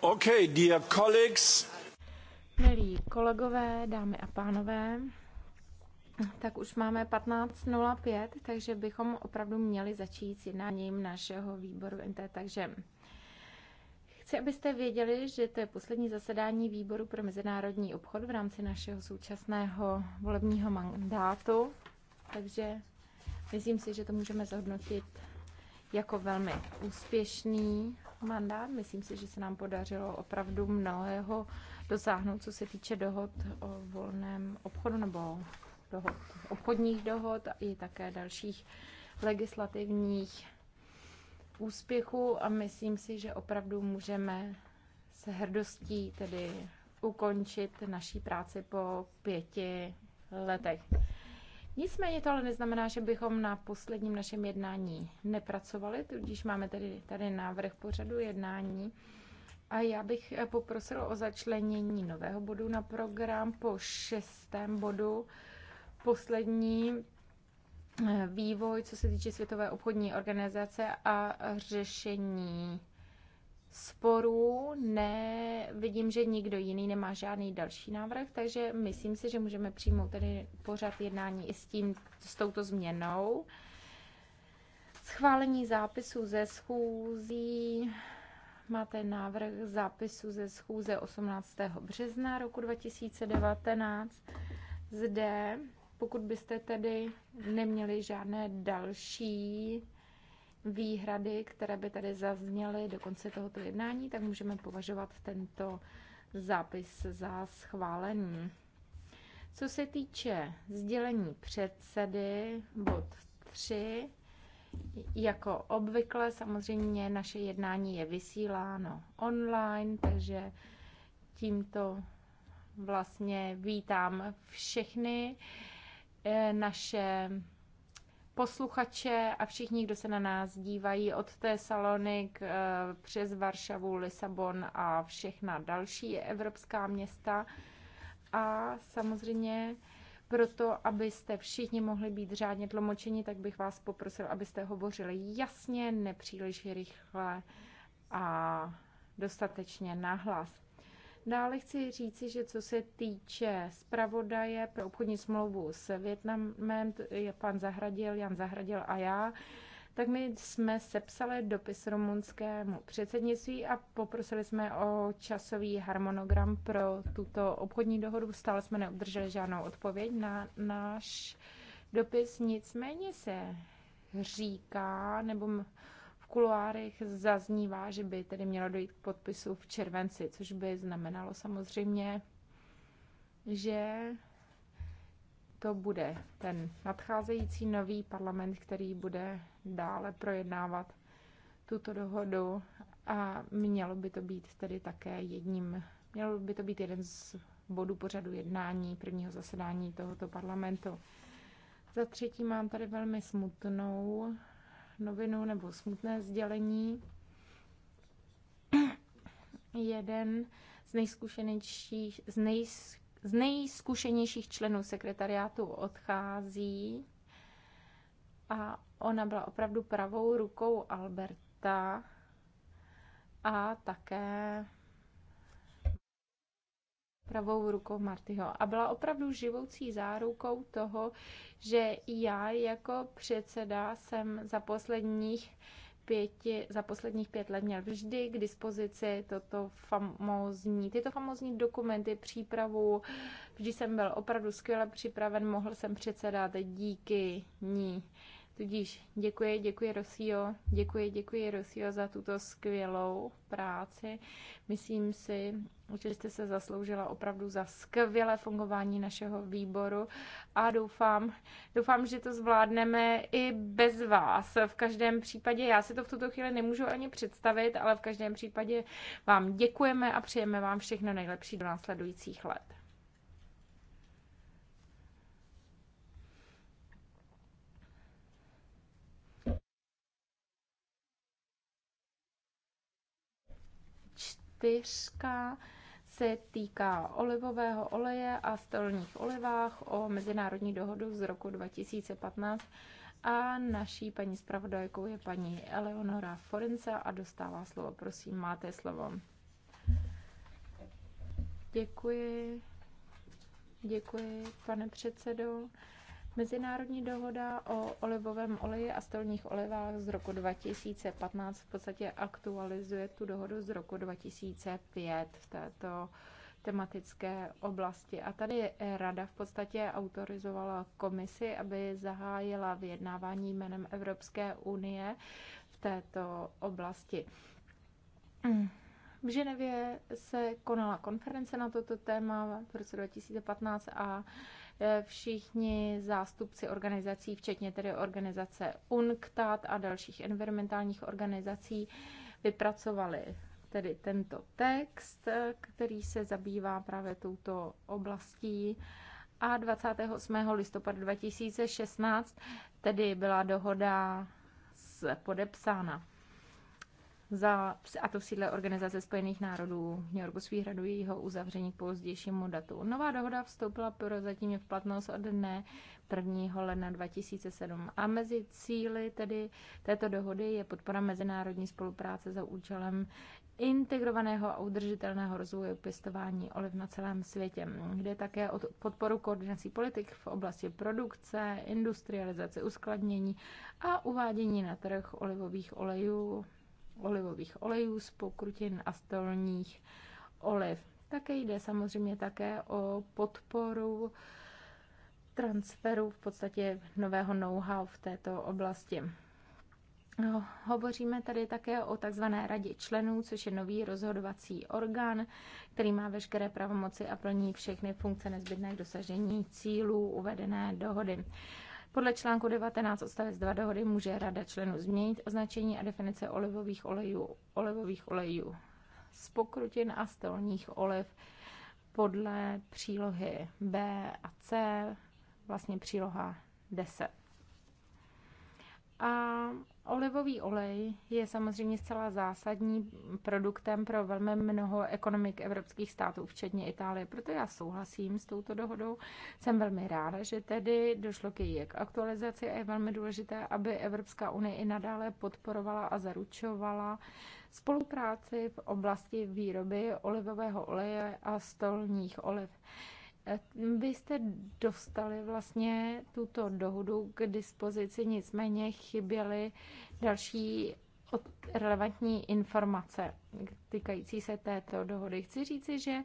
Okay, dear colleagues. Milí kolegové, dámy a pánové, tak už máme 15.05, takže bychom opravdu měli začít s jednáním našeho výboru NT, takže Chci, abyste věděli, že to je poslední zasedání výboru pro mezinárodní obchod v rámci našeho současného volebního mandátu, takže myslím si, že to můžeme zhodnotit jako velmi úspěšný mandát. Myslím si, že se nám podařilo opravdu mnohého dosáhnout, co se týče dohod o volném obchodu nebo dohod, obchodních dohod a i také dalších legislativních úspěchů a myslím si, že opravdu můžeme se hrdostí tedy ukončit naší práci po pěti letech. Nicméně to ale neznamená, že bychom na posledním našem jednání nepracovali, tudíž máme tady, tady návrh pořadu jednání. A já bych eh, poprosila o začlenění nového bodu na program po šestém bodu. Poslední eh, vývoj, co se týče Světové obchodní organizace a řešení sporů. Ne, vidím, že nikdo jiný nemá žádný další návrh, takže myslím si, že můžeme přijmout tedy pořad jednání i s, tím, s touto změnou. Schválení zápisu ze schůzí. Máte návrh zápisu ze schůze 18. března roku 2019. Zde, pokud byste tedy neměli žádné další výhrady, které by tady zazněly do konce tohoto jednání, tak můžeme považovat tento zápis za schválený. Co se týče sdělení předsedy, bod 3, jako obvykle samozřejmě naše jednání je vysíláno online, takže tímto vlastně vítám všechny eh, naše posluchače a všichni, kdo se na nás dívají od té Salonik eh, přes Varšavu, Lisabon a všechna další evropská města. A samozřejmě proto, abyste všichni mohli být řádně tlumočeni, tak bych vás poprosil, abyste hovořili jasně, nepříliš rychle a dostatečně nahlas. Dále chci říci, že co se týče zpravodaje pro obchodní smlouvu s Větnamem, je pan Zahradil, Jan Zahradil a já, tak my jsme sepsali dopis rumunskému předsednictví a poprosili jsme o časový harmonogram pro tuto obchodní dohodu. Stále jsme neobdrželi žádnou odpověď na náš dopis, nicméně se říká, nebo kuloárech zaznívá, že by tedy mělo dojít k podpisu v červenci, což by znamenalo samozřejmě, že to bude ten nadcházející nový parlament, který bude dále projednávat tuto dohodu a mělo by to být tedy také jedním, mělo by to být jeden z bodů pořadu jednání prvního zasedání tohoto parlamentu. Za třetí mám tady velmi smutnou novinu nebo smutné sdělení. Jeden z z, z nejzkušenějších členů sekretariátu odchází a ona byla opravdu pravou rukou Alberta a také pravou rukou Martyho. A byla opravdu živoucí zárukou toho, že já jako předseda jsem za posledních pěti, za posledních pět let měl vždy k dispozici toto famózní, tyto famózní dokumenty, přípravu. Vždy jsem byl opravdu skvěle připraven, mohl jsem předsedat díky ní. Tudíž děkuji, děkuji Rosio, děkuji, děkuji Rosio za tuto skvělou práci. Myslím si, že jste se zasloužila opravdu za skvělé fungování našeho výboru a doufám, doufám, že to zvládneme i bez vás. V každém případě, já si to v tuto chvíli nemůžu ani představit, ale v každém případě vám děkujeme a přejeme vám všechno nejlepší do následujících let. čtyřka se týká olivového oleje a stolních olivách o mezinárodní dohodu z roku 2015 a naší paní zpravodajkou je paní Eleonora Forenza a dostává slovo. Prosím, máte slovo. Děkuji. Děkuji, pane předsedo. Mezinárodní dohoda o olivovém oleji a stolních olivách z roku 2015 v podstatě aktualizuje tu dohodu z roku 2005 v této tematické oblasti. A tady rada v podstatě autorizovala komisi, aby zahájila vyjednávání jménem Evropské unie v této oblasti. V Ženevě se konala konference na toto téma v roce 2015 a Eh, všichni zástupci organizací, včetně tedy organizace UNCTAD a dalších environmentálních organizací, vypracovali tedy tento text, eh, který se zabývá právě touto oblastí. A 28. listopadu 2016 tedy byla dohoda podepsána za, a to v sídle Organizace spojených národů v New Yorku s jejího uzavření k pozdějšímu datu. Nová dohoda vstoupila prozatím v platnost od dne 1. ledna 2007 a mezi cíly tedy této dohody je podpora mezinárodní spolupráce za účelem integrovaného a udržitelného rozvoje pěstování oliv na celém světě, kde také od podporu koordinací politik v oblasti produkce, industrializace, uskladnění a uvádění na trh olivových olejů olivových olejů, z pokrutin a stolních oliv. Také jde samozřejmě také o podporu transferu v podstatě nového know-how v této oblasti. No, hovoříme tady také o takzvané radě členů, což je nový rozhodovací orgán, který má veškeré pravomoci a plní všechny funkce nezbytné k dosažení cílů uvedené dohody. Podle článku 19 odstavec 2 dohody může Rada členů změnit označení a definice olivových olejů, olivových olejů z pokrutin a stolních oliv podle přílohy B a C, vlastně příloha 10. A olivový olej je samozřejmě zcela zásadní produktem pro velmi mnoho ekonomik evropských států, včetně Itálie. Proto já souhlasím s touto dohodou. Jsem velmi ráda, že tedy došlo k její aktualizaci a je velmi důležité, aby Evropská unie i nadále podporovala a zaručovala spolupráci v oblasti výroby olivového oleje a stolních oliv. Eh, vy jste dostali vlastně tuto dohodu k dispozici, nicméně chyběly další relevantní informace týkající se této dohody. Chci říci, že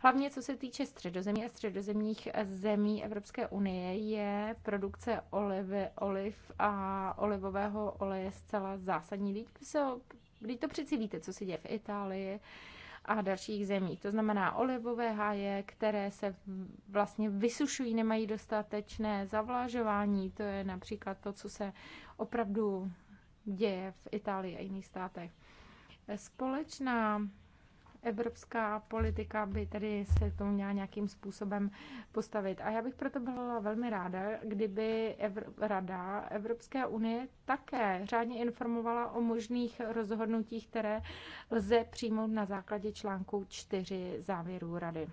hlavně co se týče středozemí a středozemních zemí Evropské unie je produkce olivy, oliv a olivového oleje zcela zásadní. Vždyť, co? vždyť to přeci víte, co se děje v Itálii, a dalších zemí. To znamená olivové háje, které se vlastně vysušují, nemají dostatečné zavlažování. To je například to, co se opravdu děje v Itálii a jiných státech. Společná evropská politika by tedy se tomu měla nějakým způsobem postavit. A já bych proto byla velmi ráda, kdyby Evro- Rada Evropské unie také řádně informovala o možných rozhodnutích, které lze přijmout na základě článku 4 závěrů Rady.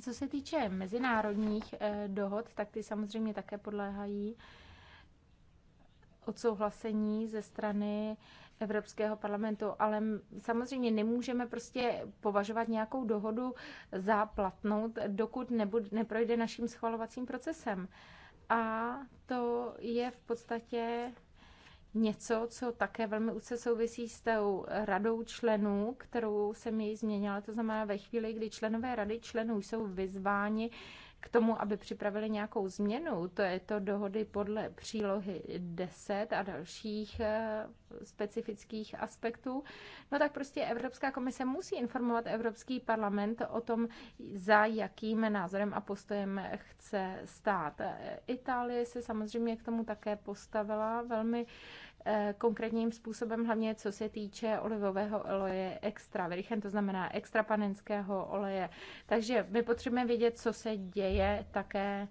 Co se týče mezinárodních eh, dohod, tak ty samozřejmě také podléhají odsouhlasení ze strany Evropského parlamentu, ale samozřejmě nemůžeme prostě považovat nějakou dohodu za platnou, dokud nebud, neprojde naším schvalovacím procesem. A to je v podstatě něco, co také velmi úzce souvisí s tou radou členů, kterou jsem jej změnila. To znamená, ve chvíli, kdy členové rady členů jsou vyzváni k tomu, aby připravili nějakou změnu, to je to dohody podle přílohy 10 a dalších eh, specifických aspektů, no tak prostě Evropská komise musí informovat Evropský parlament o tom, za jakým názorem a postojem chce stát. Itálie se samozřejmě k tomu také postavila velmi Eh, konkrétním způsobem, hlavně co se týče olivového oleje extra virchen, to znamená extra panenského oleje. Takže my potřebujeme vědět, co se děje také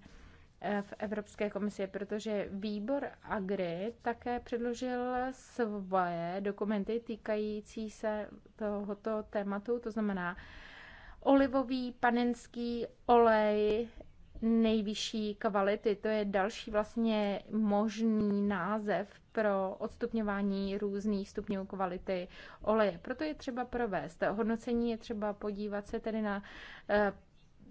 eh, v Evropské komisi, protože výbor Agri také předložil svoje dokumenty týkající se tohoto tématu, to znamená olivový panenský olej nejvyšší kvality. To je další vlastně možný název pro odstupňování různých stupňů kvality oleje. Proto je třeba provést. Hodnocení je třeba podívat se tedy na eh,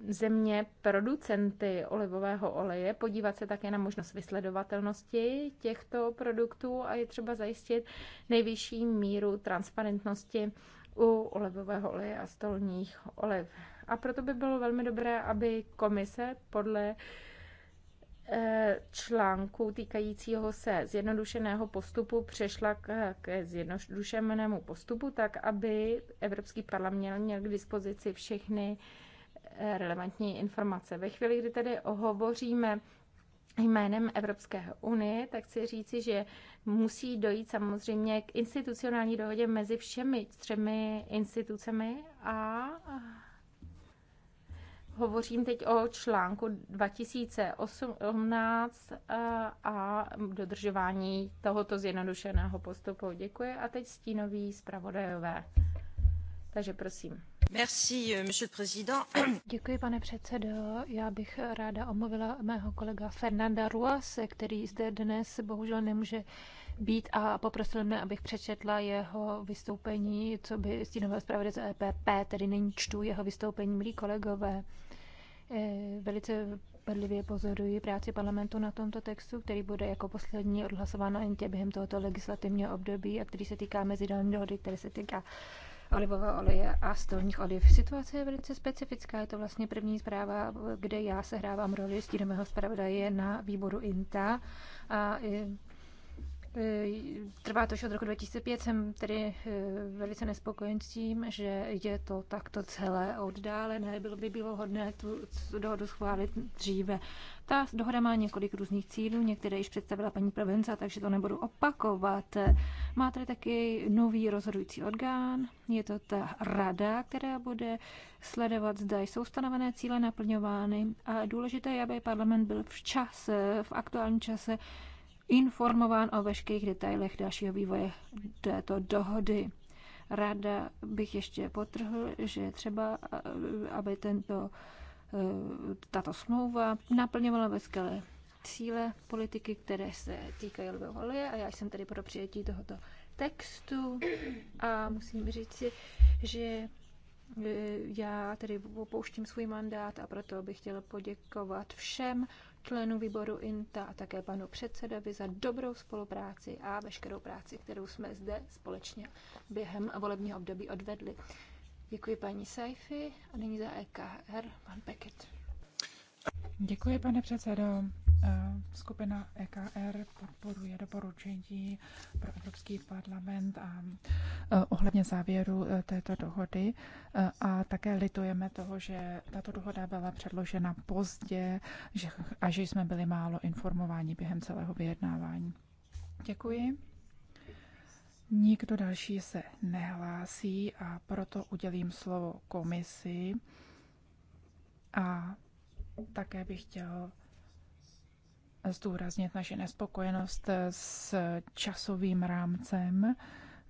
země producenty olivového oleje, podívat se také na možnost vysledovatelnosti těchto produktů a je třeba zajistit nejvyšší míru transparentnosti u olivového oleje a stolních oliv. A proto by bylo velmi dobré, aby komise podle eh, článku týkajícího se zjednodušeného postupu přešla ke zjednodušenému postupu, tak aby Evropský parlament měl k dispozici všechny eh, relevantní informace. Ve chvíli, kdy tedy hovoříme jménem Evropské unie, tak chci říci, že musí dojít samozřejmě k institucionální dohodě mezi všemi třemi institucemi a Hovořím teď o článku 2018 eh, a dodržování tohoto zjednodušeného postupu. Děkuji a teď stínový zpravodajové. Takže prosím. Merci, euh, monsieur le président. Děkuji, pane předsedo. Já bych ráda omluvila mého kolega Fernanda Ruase, který zde dnes bohužel nemůže být a poprosil mě, abych přečetla jeho vystoupení, co by stínového zpravodajce EPP, tedy není čtu jeho vystoupení, milí kolegové. Eh, velice bedlivě pozoruji práci parlamentu na tomto textu, který bude jako poslední odhlasován na Intě e během tohoto legislativního období a který se týká mezinárodní dohody, který se týká olivového oleje a stolních oliv. Situace je velice specifická, je to vlastně první zpráva, kde já sehrávám roli stínového zpravodaje na výboru INTA a eh, Trvá to už od roku 2005, jsem tedy eh, velice nespokojen s tím, že je to takto celé oddálené. Bylo by bylo hodné tu dohodu schválit dříve. Ta dohoda má několik různých cílů, některé již představila paní Provenza, takže to nebudu opakovat. Má tady taky nový rozhodující orgán, je to ta rada, která bude sledovat, zda jsou stanovené cíle naplňovány a důležité je, aby parlament byl včas, v aktuálním čase informován o veškerých detailech dalšího vývoje této dohody. Ráda bych ještě potrhl, že třeba, aby tento, eh, tato smlouva naplňovala veškeré cíle politiky, které se týkají Lvovolie a já jsem tady pro přijetí tohoto textu a musím říci, že eh, já tedy opouštím svůj mandát a proto bych chtěla poděkovat všem členů výboru INTA a také panu předsedovi za dobrou spolupráci a veškerou práci, kterou jsme zde společně během volebního období odvedli. Děkuji paní Saifi a nyní za EKR pan Pekit. Děkuji, pane předsedo. Eh, skupina EKR podporuje doporučení pro Evropský parlament a eh, ohledně závěru eh, této dohody a také litujeme toho, že tato dohoda byla předložena pozdě a že jsme byli málo informováni během celého vyjednávání. Děkuji. Nikdo další se nehlásí a proto udělím slovo komisi a také bych chtěl zdůraznit naše nespokojenost s časovým rámcem,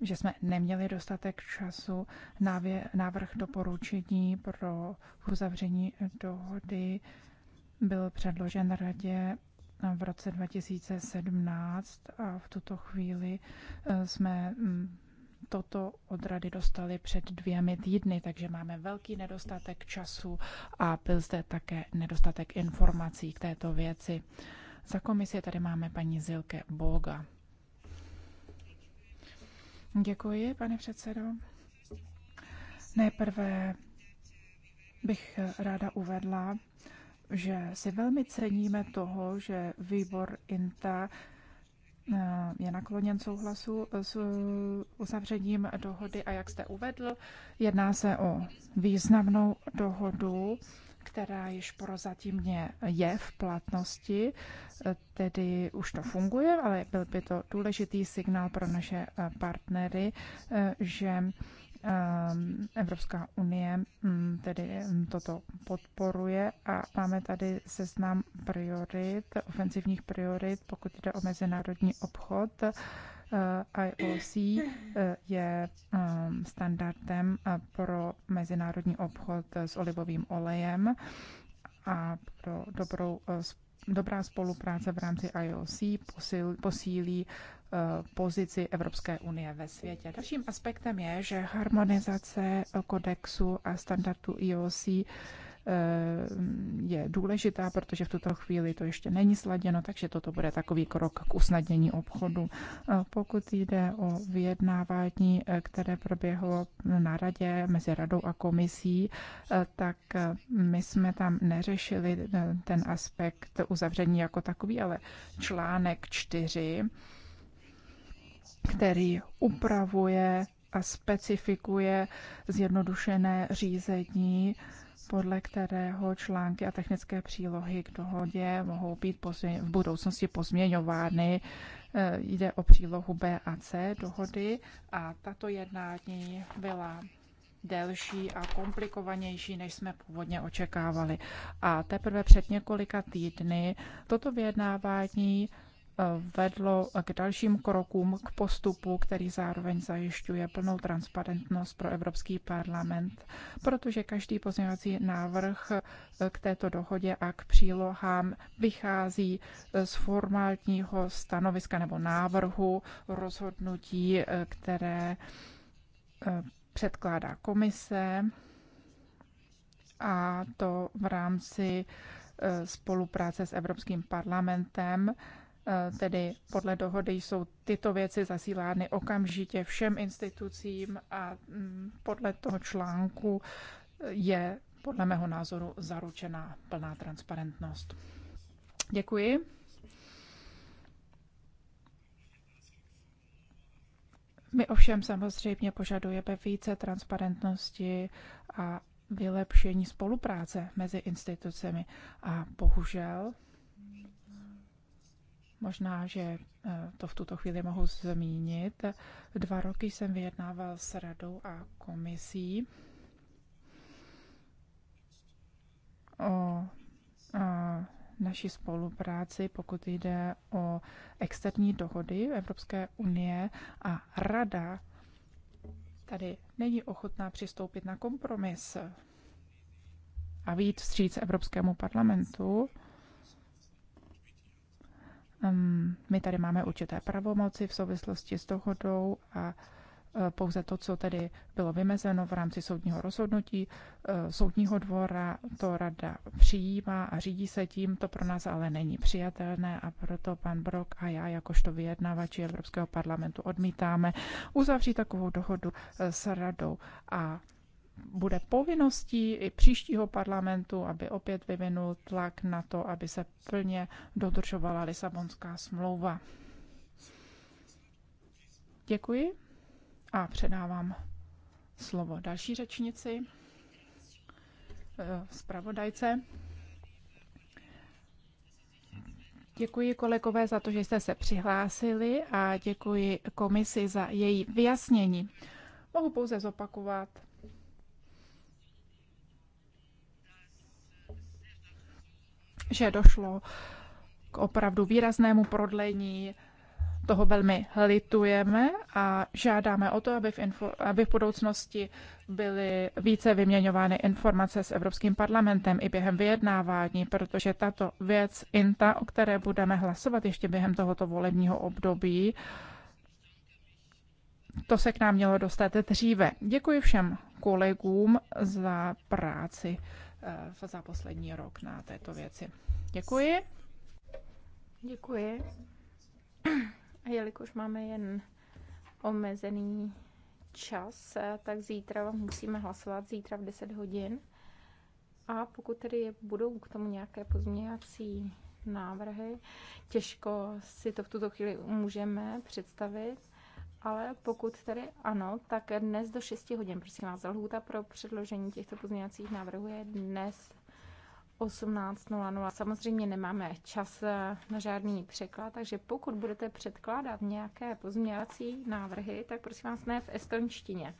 že jsme neměli dostatek času na návrh doporučení pro uzavření dohody byl předložen radě v roce 2017 a v tuto chvíli eh, jsme mm, toto od rady dostali před dvěmi týdny, takže máme velký nedostatek času a byl zde také nedostatek informací k této věci. Za komisie tady máme paní Zilke Boga. Děkuji, pane předsedo. Nejprve bych ráda uvedla, že si velmi ceníme toho, že výbor INTA eh, je nakloněn souhlasu s uzavřením dohody a jak jste uvedl, jedná se o významnou dohodu která již prozatímně je v platnosti, tedy už to funguje, ale byl by to důležitý signál pro naše eh, partnery, eh, že ehm, Evropská unie hm, tedy hm, toto podporuje a máme tady seznam priorit, ofensivních priorit, pokud jde o mezinárodní obchod IOC eh, je ehm, standardem eh, pro mezinárodní obchod s olivovým olejem a pro dobrou, eh, dobrá spolupráce v rámci IOC posil, posílí pozici Evropské unie ve světě. Dalším aspektem je, že harmonizace kodexu a standardu IOC Eh, je důležitá, protože v tuto chvíli to ještě není sladěno, takže toto bude takový krok k usnadnění obchodu. Pokud jde o vyjednávání, eh, které proběhlo na radě mezi radou a komisí, eh, tak my jsme tam neřešili ten aspekt uzavření jako takový, ale článek 4, který upravuje a specifikuje zjednodušené řízení podle kterého články a technické přílohy k dohodě mohou být v budoucnosti pozměňovány. E, jde o přílohu B a C dohody a tato jednání byla delší a komplikovanější, než jsme původně očekávali. A teprve před několika týdny toto vyjednávání vedlo k dalším krokům k postupu, který zároveň zajišťuje plnou transparentnost pro Evropský parlament, protože každý pozměňovací návrh k této dohodě a k přílohám vychází z formálního stanoviska nebo návrhu rozhodnutí, které eh, předkládá komise a to v rámci eh, spolupráce s Evropským parlamentem Eh, tedy podle dohody jsou tyto věci zasílány okamžitě všem institucím a mm, podle toho článku eh, je podle mého názoru zaručená plná transparentnost. Děkuji. My ovšem samozřejmě požadujeme více transparentnosti a vylepšení spolupráce mezi institucemi. A bohužel Možná, že eh, to v tuto chvíli mohu zmínit. Dva roky jsem vyjednával s radou a komisí o eh, naší spolupráci, pokud jde o externí dohody Evropské unie a rada tady není ochotná přistoupit na kompromis a výjít vstříc Evropskému parlamentu my tady máme určité pravomoci v souvislosti s dohodou a e, pouze to, co tedy bylo vymezeno v rámci soudního rozhodnutí e, soudního dvora, to rada přijímá a řídí se tím, to pro nás ale není přijatelné a proto pan Brok a já jakožto vyjednavači Evropského parlamentu odmítáme uzavřít takovou dohodu e, s radou a bude povinností i příštího parlamentu, aby opět vyvinul tlak na to, aby se plně dodržovala Lisabonská smlouva. Děkuji a předávám slovo další řečnici, eh, zpravodajce. Děkuji kolegové za to, že jste se přihlásili a děkuji komisi za její vyjasnění. Mohu pouze zopakovat, že došlo k opravdu výraznému prodlení. Toho velmi litujeme a žádáme o to, aby v, info, aby v budoucnosti byly více vyměňovány informace s Evropským parlamentem i během vyjednávání, protože tato věc INTA, o které budeme hlasovat ještě během tohoto volebního období, to se k nám mělo dostat dříve. Děkuji všem kolegům za práci Eh, za poslední rok na této věci. Děkuji. Děkuji. A jelikož máme jen omezený čas, tak zítra musíme hlasovat, zítra v 10 hodin. A pokud tedy budou k tomu nějaké pozměňovací návrhy, těžko si to v tuto chvíli můžeme představit, ale pokud tedy ano, tak dnes do 6 hodin, prosím vás, lhůta pro předložení těchto pozměňovacích návrhů je dnes 18.00. Samozřejmě nemáme čas eh, na žádný překlad, takže pokud budete předkládat nějaké pozměňovací návrhy, tak prosím vás ne v estonštině.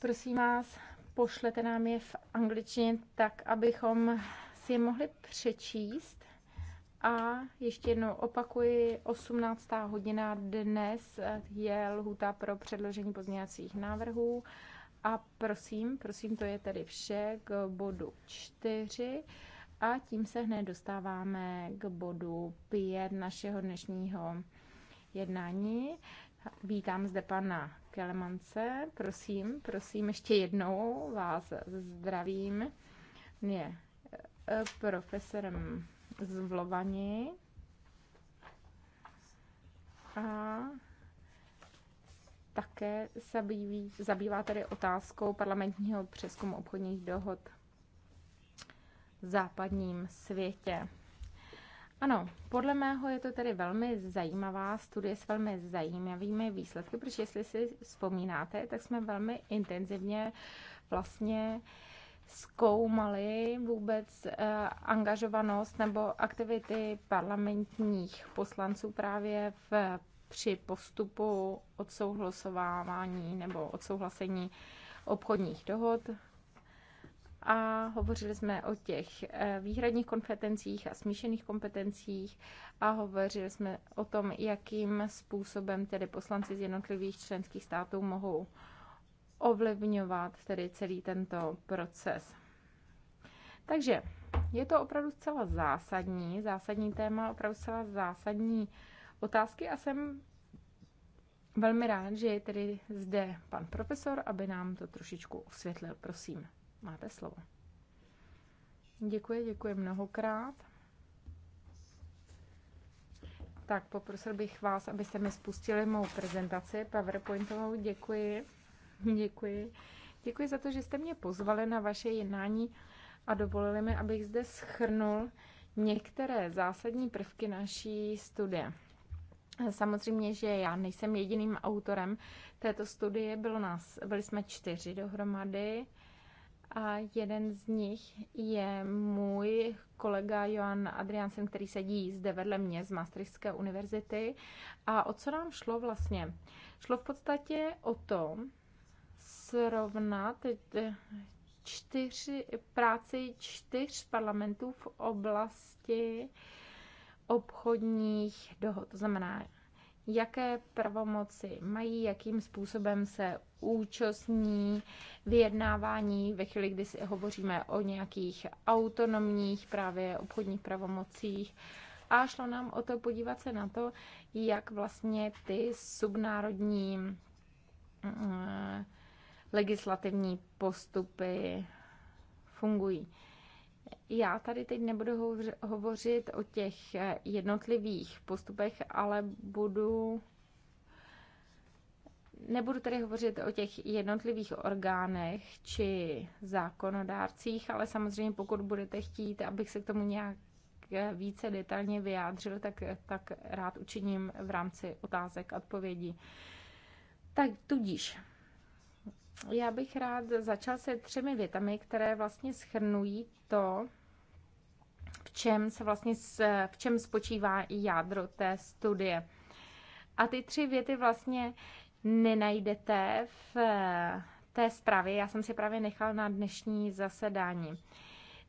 Prosím vás, pošlete nám je v angličtině tak, abychom si je mohli přečíst a ještě jednou opakuji, 18. hodina dnes je lhuta pro předložení pozměňovacích návrhů. A prosím, prosím, to je tedy vše k bodu 4. A tím se hned dostáváme k bodu 5 našeho dnešního jednání. Vítám zde pana Kelemance. Prosím, prosím, ještě jednou vás zdravím. Je eh, profesorem zvlovani. A také se zabývá tedy otázkou parlamentního přeskumu obchodních dohod v západním světě. Ano, podle mého je to tedy velmi zajímavá studie s velmi zajímavými výsledky, protože jestli si vzpomínáte, tak jsme velmi intenzivně vlastně uh, zkoumali vůbec eh, angažovanost nebo aktivity parlamentních poslanců právě v, při postupu odsouhlasovávání nebo odsouhlasení obchodních dohod. A hovořili jsme o těch eh, výhradních kompetencích a smíšených kompetencích a hovořili jsme o tom, jakým způsobem tedy poslanci z jednotlivých členských států mohou ovlivňovat tedy celý tento proces. Takže je to opravdu zcela zásadní, zásadní téma, opravdu zcela zásadní otázky a jsem velmi rád, že je tedy zde pan profesor, aby nám to trošičku osvětlil. Prosím, máte slovo. Děkuji, děkuji mnohokrát. Tak poprosil bych vás, abyste mi spustili mou prezentaci PowerPointovou. Děkuji. Děkuji. Děkuji za to, že jste mě pozvali na vaše jednání a dovolili mi, abych zde schrnul některé zásadní prvky naší studie. Samozřejmě, že já nejsem jediným autorem této studie, bylo nás, byli jsme čtyři dohromady a jeden z nich je můj kolega Johan Adriansen, který sedí zde vedle mě z Maastrichtské univerzity. A o co nám šlo vlastně? Šlo v podstatě o to, srovnat eh, čtyři, práci čtyř parlamentů v oblasti obchodních dohod. To znamená, jaké pravomoci mají, jakým způsobem se účastní vyjednávání ve chvíli, kdy si hovoříme o nějakých autonomních právě obchodních pravomocích. A šlo nám o to podívat se na to, jak vlastně ty subnárodní mm, legislativní postupy fungují. Já tady teď nebudu hovořit o těch eh, jednotlivých postupech, ale budu nebudu tady hovořit o těch jednotlivých orgánech či zákonodárcích, ale samozřejmě pokud budete chtít, abych se k tomu nějak eh, více detailně vyjádřil, tak, eh, tak rád učiním v rámci otázek a odpovědí. Tak tudíž já bych rád začal se třemi větami, které vlastně schrnují to, v čem, se vlastně, v čem spočívá i jádro té studie. A ty tři věty vlastně nenajdete v té zprávě. Já jsem si právě nechal na dnešní zasedání.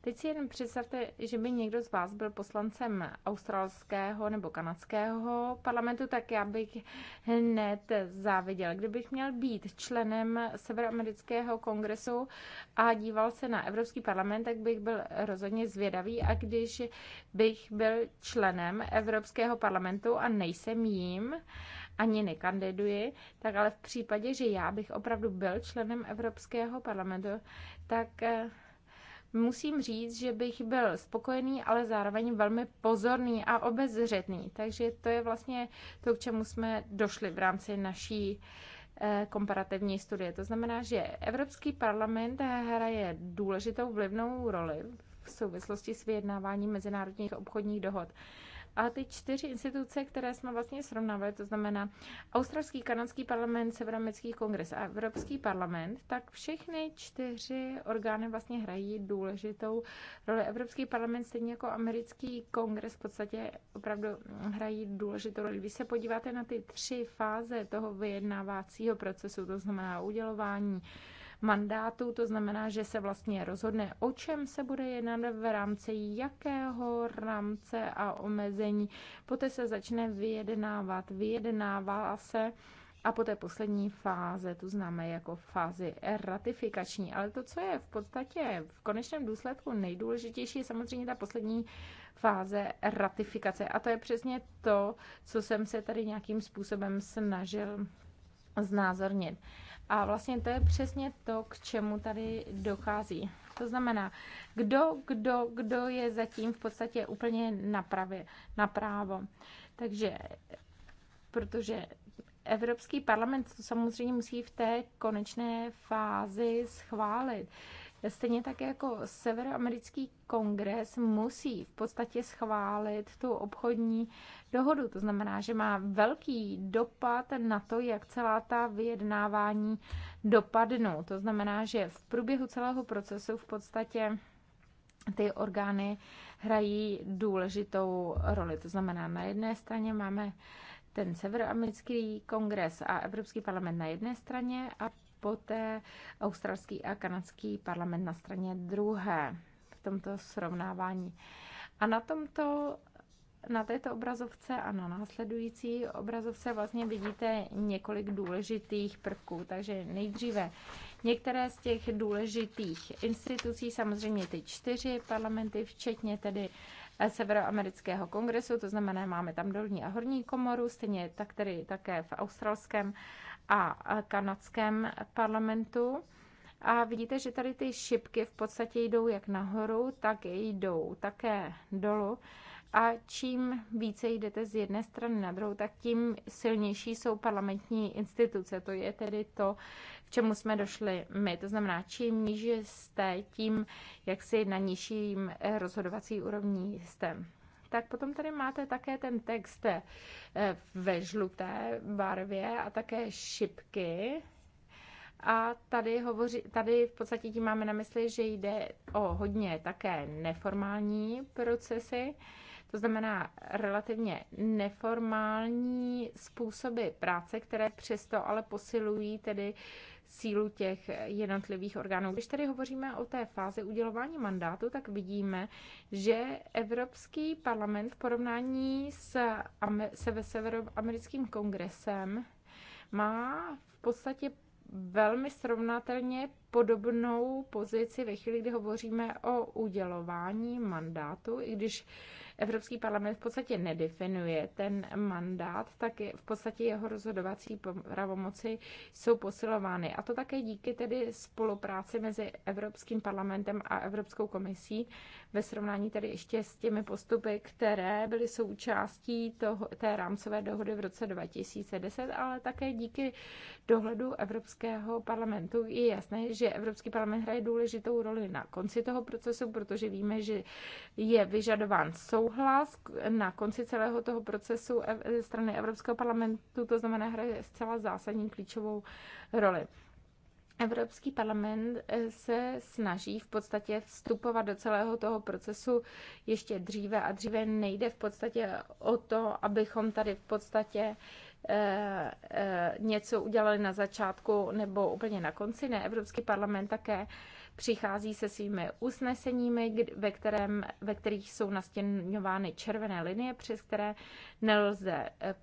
Teď si jen představte, že by někdo z vás byl poslancem australského nebo kanadského parlamentu, tak já bych hned záviděl. Kdybych měl být členem Severoamerického kongresu a díval se na Evropský parlament, tak bych byl rozhodně zvědavý. A když bych byl členem Evropského parlamentu a nejsem jím, ani nekandiduji, tak ale v případě, že já bych opravdu byl členem Evropského parlamentu, tak eh, musím říct, že bych byl spokojený, ale zároveň velmi pozorný a obezřetný. Takže to je vlastně to, k čemu jsme došli v rámci naší eh, komparativní studie. To znamená, že Evropský parlament hraje důležitou vlivnou roli v souvislosti s vyjednáváním mezinárodních obchodních dohod. A ty čtyři instituce, které jsme vlastně srovnávali, to znamená Australský, Kanadský parlament, Severoamerický kongres a Evropský parlament, tak všechny čtyři orgány vlastně hrají důležitou roli. Evropský parlament, stejně jako americký kongres, v podstatě opravdu hrají důležitou roli. Když se podíváte na ty tři fáze toho vyjednávacího procesu, to znamená udělování, mandátu, to znamená, že se vlastně rozhodne, o čem se bude jednat v rámci jakého rámce a omezení. Poté se začne vyjednávat, vyjednává se a poté poslední fáze, tu známe jako fázi ratifikační. Ale to, co je v podstatě v konečném důsledku nejdůležitější, je samozřejmě ta poslední fáze ratifikace. A to je přesně to, co jsem se tady nějakým způsobem snažil znázornit. A vlastně to je přesně to, k čemu tady dochází. To znamená, kdo, kdo, kdo je zatím v podstatě úplně napravě, naprávo. Takže, protože Evropský parlament to samozřejmě musí v té konečné fázi schválit. Stejně tak jako Severoamerický kongres musí v podstatě schválit tu obchodní dohodu. To znamená, že má velký dopad na to, jak celá ta vyjednávání dopadnou. To znamená, že v průběhu celého procesu v podstatě ty orgány hrají důležitou roli. To znamená, na jedné straně máme ten Severoamerický kongres a Evropský parlament na jedné straně a poté australský a kanadský parlament na straně druhé v tomto srovnávání. A na tomto na této obrazovce a na následující obrazovce vlastně vidíte několik důležitých prvků. Takže nejdříve některé z těch důležitých institucí, samozřejmě ty čtyři parlamenty, včetně tedy Severoamerického kongresu, to znamená, máme tam dolní a horní komoru, stejně tak tedy také v australském a kanadském parlamentu. A vidíte, že tady ty šipky v podstatě jdou jak nahoru, tak jdou také dolů. A čím více jdete z jedné strany na druhou, tak tím silnější jsou parlamentní instituce. To je tedy to, k čemu jsme došli my. To znamená, čím níže jste, tím jak si na nižším eh, rozhodovací úrovni jste tak potom tady máte také ten text eh, ve žluté barvě a také šipky. A tady, hovoří, tady v podstatě tím máme na mysli, že jde o hodně také neformální procesy, to znamená relativně neformální způsoby práce, které přesto ale posilují tedy uh, sílu těch jednotlivých orgánů. Když tady hovoříme o té fázi udělování mandátu, tak vidíme, že Evropský parlament v porovnání s, se ve severoamerickým kongresem má v podstatě velmi srovnatelně podobnou pozici ve chvíli, kdy hovoříme o udělování mandátu, i když Evropský parlament v podstatě nedefinuje ten mandát, tak v podstatě jeho rozhodovací pravomoci jsou posilovány. A to také díky tedy spolupráci mezi Evropským parlamentem a Evropskou komisí ve srovnání tedy ještě s těmi postupy, které byly součástí toho, té rámcové dohody v roce 2010, ale také díky dohledu Evropského parlamentu je jasné, že Evropský parlament hraje důležitou roli na konci toho procesu, protože víme, že je vyžadován soud souhlas na konci celého toho procesu ze strany Evropského parlamentu, to znamená, hraje zcela zásadní klíčovou roli. Evropský parlament eh, se snaží v podstatě vstupovat do celého toho procesu ještě dříve a dříve nejde v podstatě o to, abychom tady v podstatě eh, eh, něco udělali na začátku nebo úplně na konci. Ne, Evropský parlament také přichází se svými usneseními, ve, kterém, ve kterých jsou nastěňovány červené linie, přes které nelze, eh,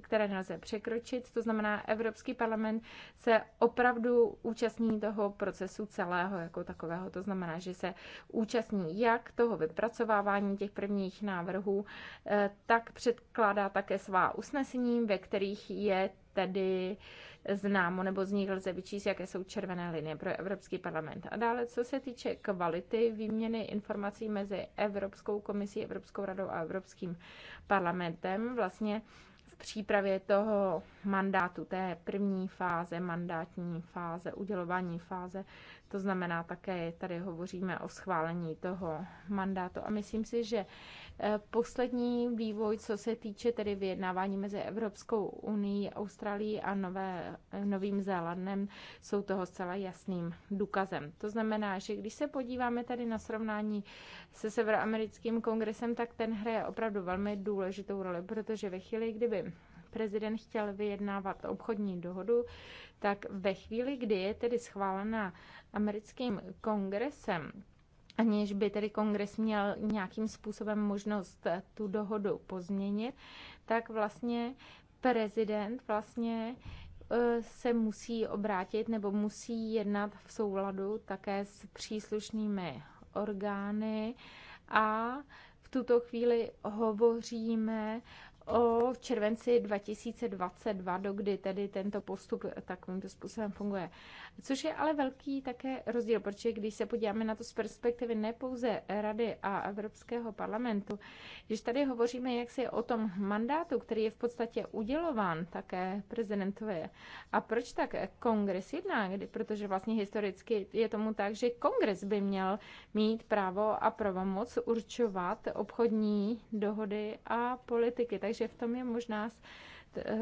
které nelze překročit. To znamená, Evropský parlament se opravdu účastní toho procesu celého jako takového. To znamená, že se účastní jak toho vypracovávání těch prvních návrhů, eh, tak předkládá také svá usnesení, ve kterých je tedy známo nebo z nich lze vyčíst, jaké jsou červené linie pro Evropský parlament. A dále, co se týče kvality výměny informací mezi Evropskou komisí, Evropskou radou a Evropským parlamentem, vlastně v přípravě toho mandátu, té první fáze, mandátní fáze, udělování fáze, to znamená také, tady hovoříme o schválení toho mandátu a myslím si, že Eh, poslední vývoj, co se týče tedy vyjednávání mezi Evropskou unii, Austrálií a Nové, eh, Novým Zélandem, jsou toho zcela jasným důkazem. To znamená, že když se podíváme tady na srovnání se Severoamerickým kongresem, tak ten hraje opravdu velmi důležitou roli, protože ve chvíli, kdyby prezident chtěl vyjednávat obchodní dohodu, tak ve chvíli, kdy je tedy schválena americkým kongresem, aniž by tedy kongres měl nějakým způsobem možnost tu dohodu pozměnit, tak vlastně prezident vlastně e, se musí obrátit nebo musí jednat v souladu také s příslušnými orgány a v tuto chvíli hovoříme o červenci 2022, dokdy tedy tento postup takovýmto způsobem funguje. Což je ale velký také rozdíl, protože když se podíváme na to z perspektivy ne pouze Rady a Evropského parlamentu, když tady hovoříme jaksi o tom mandátu, který je v podstatě udělován také prezidentovi. A proč tak kongres jedná? protože vlastně historicky je tomu tak, že kongres by měl mít právo a pravomoc určovat obchodní dohody a politiky. Takže protože v tom je možná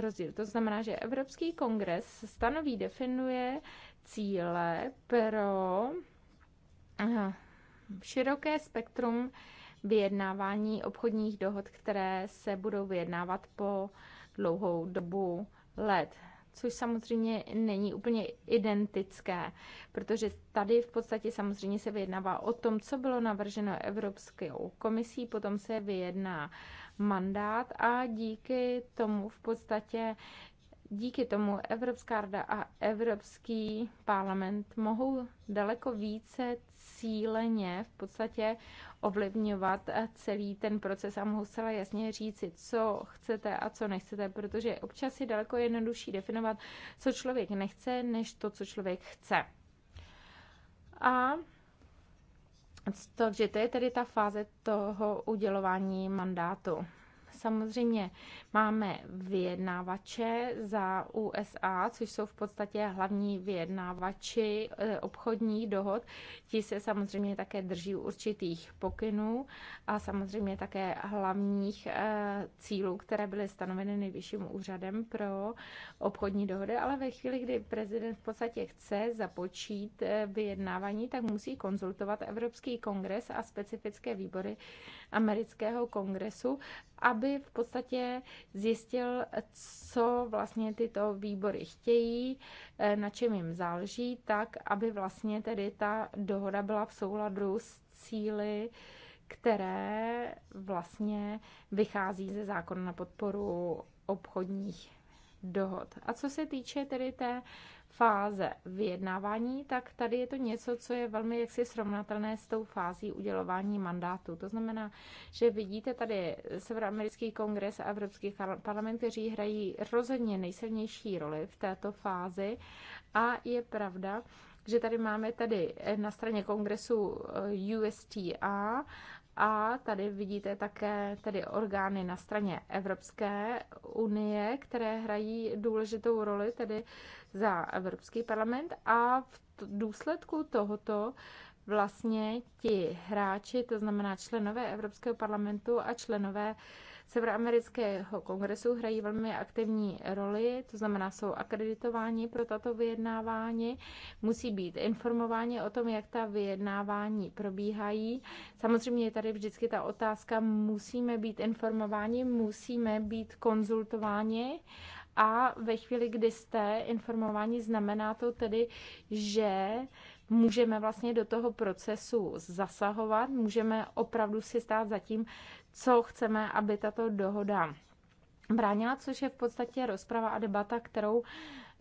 rozdíl. To znamená, že Evropský kongres stanoví, definuje cíle pro široké spektrum vyjednávání obchodních dohod, které se budou vyjednávat po dlouhou dobu let což samozřejmě není úplně identické, protože tady v podstatě samozřejmě se vyjednává o tom, co bylo navrženo Evropskou komisí, potom se vyjedná mandát a díky tomu v podstatě díky tomu Evropská rada a Evropský parlament mohou daleko více cíleně v podstatě ovlivňovat celý ten proces a mohou zcela jasně říci, co chcete a co nechcete, protože občas je daleko jednodušší definovat, co člověk nechce, než to, co člověk chce. A takže to je tedy ta fáze toho udělování mandátu. Samozřejmě máme vyjednávače za USA, což jsou v podstatě hlavní vyjednávači eh, obchodních dohod. Ti se samozřejmě také drží určitých pokynů a samozřejmě také hlavních eh, cílů, které byly stanoveny nejvyšším úřadem pro obchodní dohody, ale ve chvíli, kdy prezident v podstatě chce započít eh, vyjednávání, tak musí konzultovat Evropský kongres a specifické výbory amerického kongresu aby v podstatě zjistil, co vlastně tyto výbory chtějí, eh, na čem jim záleží, tak aby vlastně tedy ta dohoda byla v souladu s cíly, které vlastně vychází ze zákona na podporu obchodních dohod. A co se týče tedy té fáze vyjednávání, tak tady je to něco, co je velmi jaksi srovnatelné s tou fází udělování mandátu. To znamená, že vidíte tady Severoamerický kongres a Evropský parlament, kteří hrají rozhodně nejsilnější roli v této fázi a je pravda, že tady máme tady na straně kongresu eh, USTA a tady vidíte také tedy orgány na straně Evropské unie, které hrají důležitou roli tedy za Evropský parlament a v důsledku tohoto vlastně ti hráči, to znamená členové Evropského parlamentu a členové Severoamerického kongresu hrají velmi aktivní roli, to znamená, jsou akreditováni pro tato vyjednávání, musí být informováni o tom, jak ta vyjednávání probíhají. Samozřejmě je tady vždycky ta otázka, musíme být informováni, musíme být konzultováni a ve chvíli, kdy jste informováni, znamená to tedy, že můžeme vlastně do toho procesu zasahovat, můžeme opravdu si stát za tím, co chceme, aby tato dohoda bránila, což je v podstatě rozprava a debata, kterou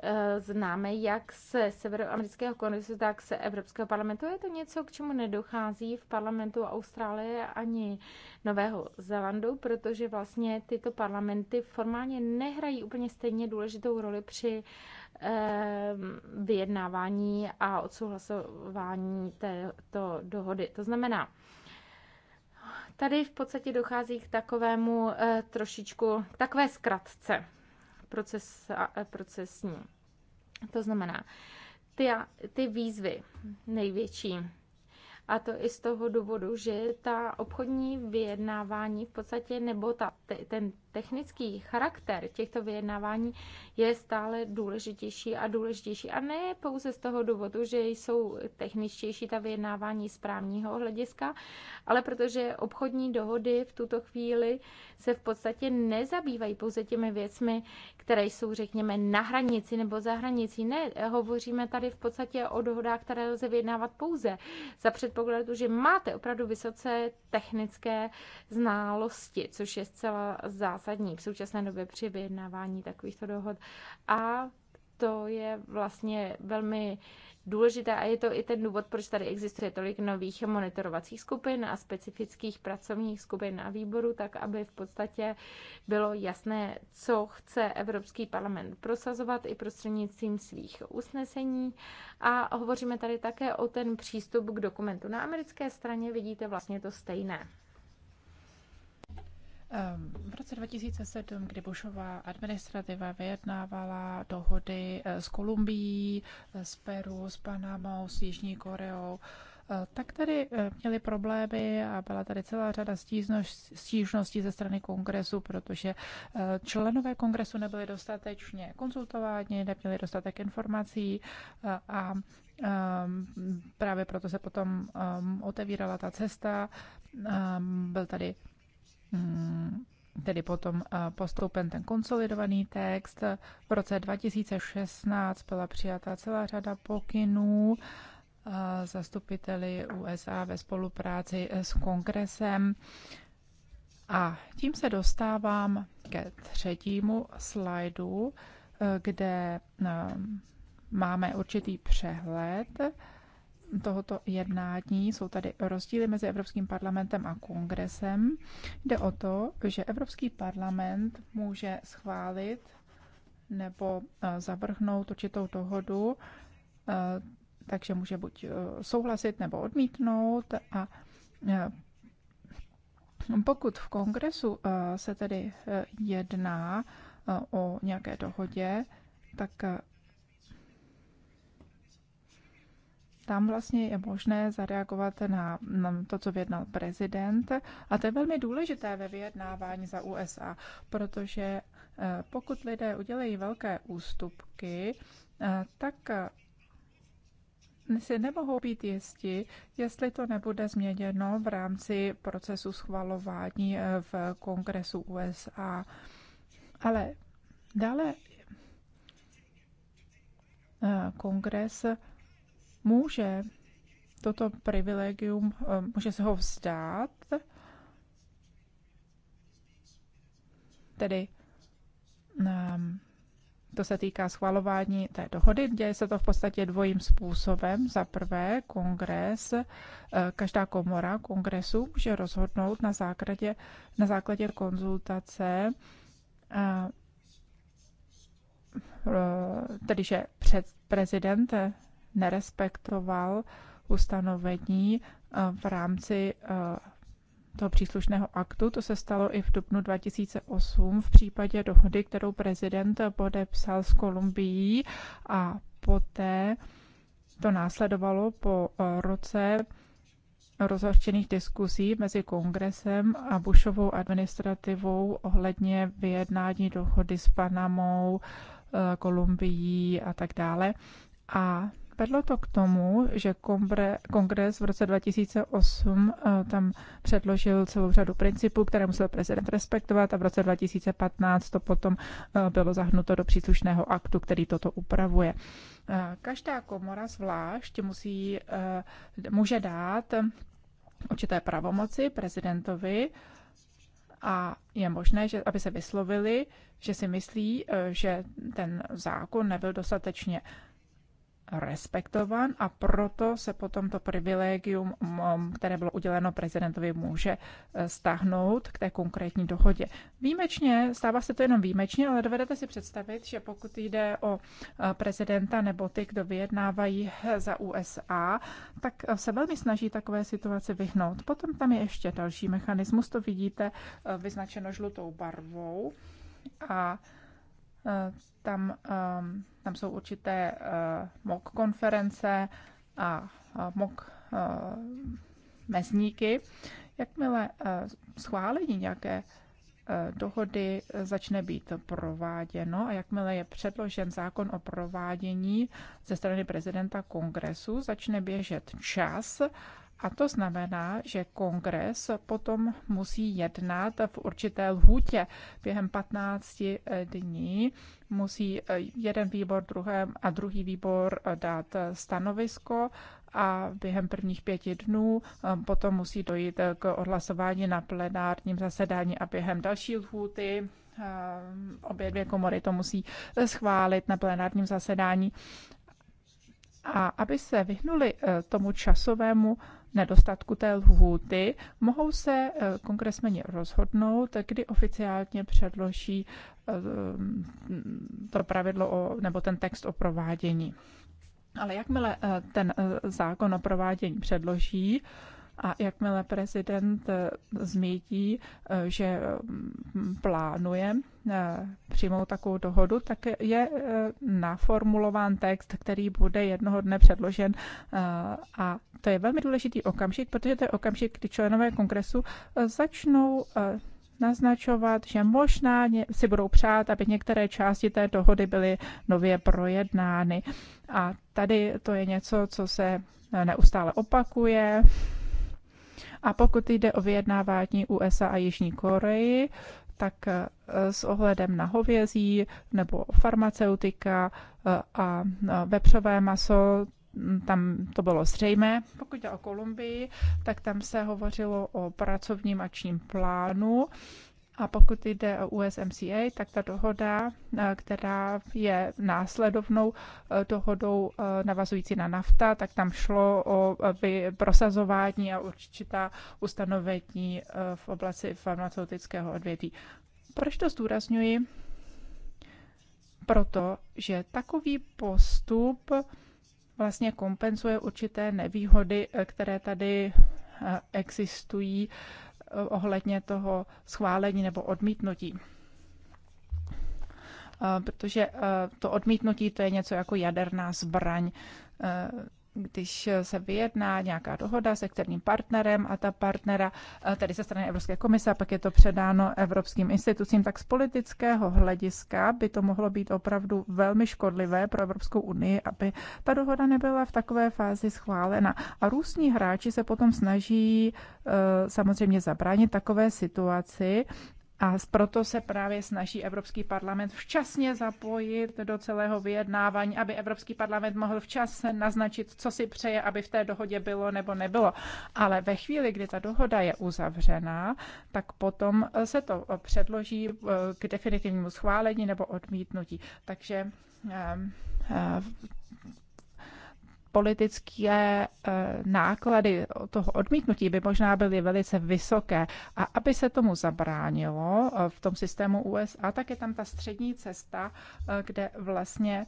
eh, známe jak se severoamerického kongresu, tak se Evropského parlamentu. Je to něco, k čemu nedochází v parlamentu Austrálie ani Nového Zélandu, protože vlastně tyto parlamenty formálně nehrají úplně stejně důležitou roli při eh, vyjednávání a odsouhlasování této dohody. To znamená, Tady v podstatě dochází k takovému eh, trošičku, k takové zkratce proces, eh, procesní. To znamená, ty, ty výzvy největší, a to i z toho důvodu, že ta obchodní vyjednávání v podstatě nebo ta, ten technický charakter těchto vyjednávání je stále důležitější a důležitější. A ne pouze z toho důvodu, že jsou techničtější ta vyjednávání z právního hlediska, ale protože obchodní dohody v tuto chvíli se v podstatě nezabývají pouze těmi věcmi, které jsou, řekněme, na hranici nebo za hranicí. Ne, hovoříme tady v podstatě o dohodách, které lze vyjednávat pouze za předpokladu, že máte opravdu vysoce technické znalosti, což je zcela zásadní zásadní v současné době při vyjednávání takovýchto dohod. A to je vlastně velmi důležité a je to i ten důvod, proč tady existuje tolik nových monitorovacích skupin a specifických pracovních skupin a výborů, tak aby v podstatě bylo jasné, co chce Evropský parlament prosazovat i prostřednictvím svých usnesení. A hovoříme tady také o ten přístup k dokumentu. Na americké straně vidíte vlastně to stejné. Ehm, v roce 2007, kdy Bushová administrativa vyjednávala dohody eh, s Kolumbií, eh, s Peru, s Panamou, s Jižní Koreou, eh, tak tady měli problémy a byla tady celá řada stížností ze strany kongresu, protože členové kongresu nebyli dostatečně konzultováni, neměli dostatek informací a ehm, právě proto se potom ehm, otevírala ta cesta. Byl tady Mm, tedy potom eh, postoupen ten konsolidovaný text. V roce 2016 byla přijata celá řada pokynů eh, zastupiteli USA ve spolupráci eh, s kongresem. A tím se dostávám ke třetímu slajdu, kde máme určitý přehled tohoto jednání jsou tady rozdíly mezi Evropským parlamentem a kongresem. Jde o to, že Evropský parlament může schválit nebo eh, zavrhnout určitou dohodu, eh, takže může buď eh, souhlasit nebo odmítnout a pokud v kongresu se tedy jedná o nějaké dohodě, tak tam vlastně je možné zareagovat na, na to, co vyjednal prezident. A to je velmi důležité ve vyjednávání za USA, protože eh, pokud lidé udělají velké ústupky, eh, tak eh, si nemohou být jisti, jestli to nebude změněno v rámci procesu schvalování v kongresu USA. Ale dále kongres může toto privilegium, eh, může se ho vzdát, tedy ehm, to se týká schvalování té dohody. Děje se to v podstatě dvojím způsobem. Za prvé, kongres, eh, každá komora kongresu může rozhodnout na základě, na základě konzultace, eh, tedy že před prezident nerespektoval ustanovení eh, v rámci eh, toho příslušného aktu. To se stalo i v dubnu 2008 v případě dohody, kterou prezident podepsal s Kolumbií a poté to následovalo po eh, roce rozhořčených diskusí mezi kongresem a Bushovou administrativou ohledně vyjednání dohody s Panamou, Kolumbií a tak dále. A Vedlo to k tomu, že kongres v roce 2008 eh, tam předložil celou řadu principů, které musel prezident respektovat a v roce 2015 to potom eh, bylo zahnuto do příslušného aktu, který toto upravuje. Eh, každá komora zvlášť musí, může dát určité pravomoci prezidentovi a je možné, že, aby se vyslovili, že si myslí, že ten zákon nebyl dostatečně respektovan a proto se potom to privilegium, které bylo uděleno prezidentovi, může e, stáhnout k té konkrétní dohodě. Výjimečně, stává se to jenom výjimečně, ale dovedete si představit, že pokud jde o e, prezidenta nebo ty, kdo vyjednávají e, za USA, tak se velmi snaží takové situaci vyhnout. Potom tam je ještě další mechanismus, to vidíte vyznačeno žlutou barvou a Eh, tam, ehm, tam jsou určité eh, mock konference a eh, mock mezníky. Jakmile schválení nějaké dohody začne být prováděno a jakmile je předložen zákon o provádění ze strany prezidenta kongresu, začne běžet čas a to znamená, že kongres potom musí jednat v určité lhůtě. Během 15 eh, dní musí eh, jeden výbor druhém a druhý výbor eh, dát stanovisko a během prvních pěti dnů potom musí dojít k odhlasování na plenárním zasedání a během další lhůty obě dvě komory to musí schválit na plenárním zasedání. A aby se vyhnuli tomu časovému nedostatku té lhůty mohou se eh, kongresmeni rozhodnout, kdy oficiálně předloží eh, to pravidlo o, nebo ten text o provádění. Ale jakmile eh, ten zákon o provádění předloží, a jakmile prezident eh, zmítí, eh, že mm, plánuje eh, přijmout takovou dohodu, tak je naformulován text, který bude jednoho dne předložen. A to je velmi důležitý okamžik, protože to je okamžik, kdy členové kongresu začnou naznačovat, že možná si budou přát, aby některé části té dohody byly nově projednány. A tady to je něco, co se neustále opakuje a pokud jde o vyjednávání USA a Jižní Koreji, tak eh, s ohledem na hovězí nebo farmaceutika eh, a eh, vepřové maso, mm, tam to bylo zřejmé. Pokud jde o Kolumbii, tak tam se hovořilo o pracovním ačním plánu a pokud jde o USMCA, tak ta dohoda, eh, která je následovnou eh, dohodou eh, navazující na NAFTA, tak tam šlo o prosazování a určitá ustanovení v oblasti farmaceutického odvětví. Proč to zdůrazňuji? Proto, že takový postup vlastně kompenzuje určité nevýhody, které tady existují Eh, ohledně toho schválení nebo odmítnutí. Eh, protože eh, to odmítnutí to je něco jako jaderná zbraň když se vyjedná nějaká dohoda se kterým partnerem a ta partnera, eh, tedy ze strany Evropské komise, a pak je to předáno evropským institucím, tak z politického hlediska by to mohlo být opravdu velmi škodlivé pro Evropskou unii, aby ta dohoda nebyla v takové fázi schválena. A různí hráči se potom snaží eh, samozřejmě zabránit takové situaci, a proto se právě snaží Evropský parlament včasně zapojit do celého vyjednávání, aby Evropský parlament mohl včas naznačit, co si přeje, aby v té dohodě bylo nebo nebylo. Ale ve chvíli, kdy ta dohoda je uzavřená, tak potom se to předloží eh, k definitivnímu schválení nebo odmítnutí. Takže eh, eh, politické eh, náklady toho odmítnutí by možná byly velice vysoké. A aby se tomu zabránilo eh, v tom systému USA, tak je tam ta střední cesta, eh, kde vlastně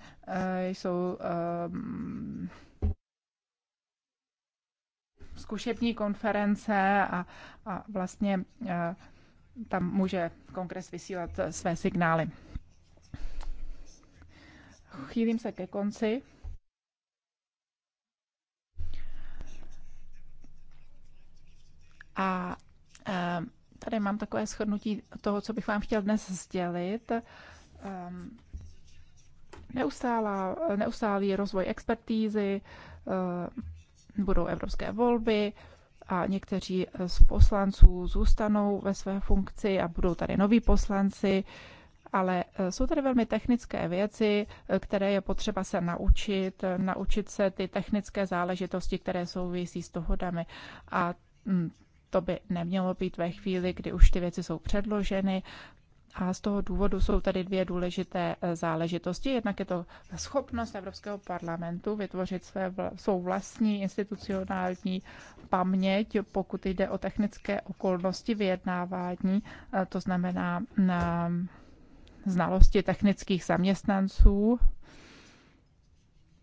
jsou ehm, zkušební konference a, a vlastně tam může kongres vysílat své signály. Chýlím se ke konci. A eh, tady mám takové shrnutí toho, co bych vám chtěl dnes sdělit. Eh, neustálá, neustálý rozvoj expertízy, eh, budou evropské volby a někteří z poslanců zůstanou ve své funkci a budou tady noví poslanci, ale jsou tady velmi technické věci, které je potřeba se naučit, naučit se ty technické záležitosti, které souvisí s dohodami. A hm, to by nemělo být ve chvíli, kdy už ty věci jsou předloženy. A z toho důvodu jsou tady dvě důležité eh, záležitosti. Jednak je to schopnost Evropského parlamentu vytvořit své, svou vlastní institucionální paměť, pokud jde o technické okolnosti vyjednávání, eh, to znamená na mm, eh, znalosti technických zaměstnanců.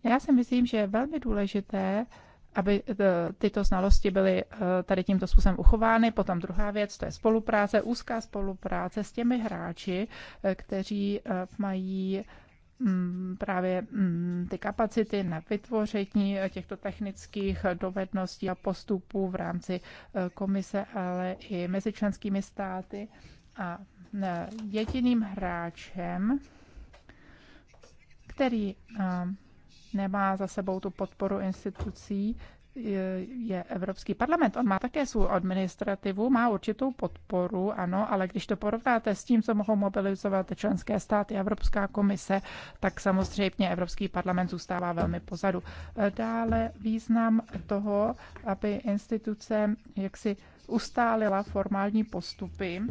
Já si myslím, že je velmi důležité aby e, tyto znalosti byly e, tady tímto způsobem uchovány. Potom druhá věc, to je spolupráce, úzká spolupráce s těmi hráči, e, kteří mají mm, právě mm, ty kapacity na vytvoření těchto technických dovedností a postupů v rámci komise, ale i mezi členskými státy. A jediným hráčem, který nemá za sebou tu podporu institucí, je Evropský parlament. On má také svou administrativu, má určitou podporu, ano, ale když to porovnáte s tím, co mohou mobilizovat členské státy Evropská komise, tak samozřejmě Evropský parlament zůstává velmi pozadu. Dále význam toho, aby instituce jaksi ustálila formální postupy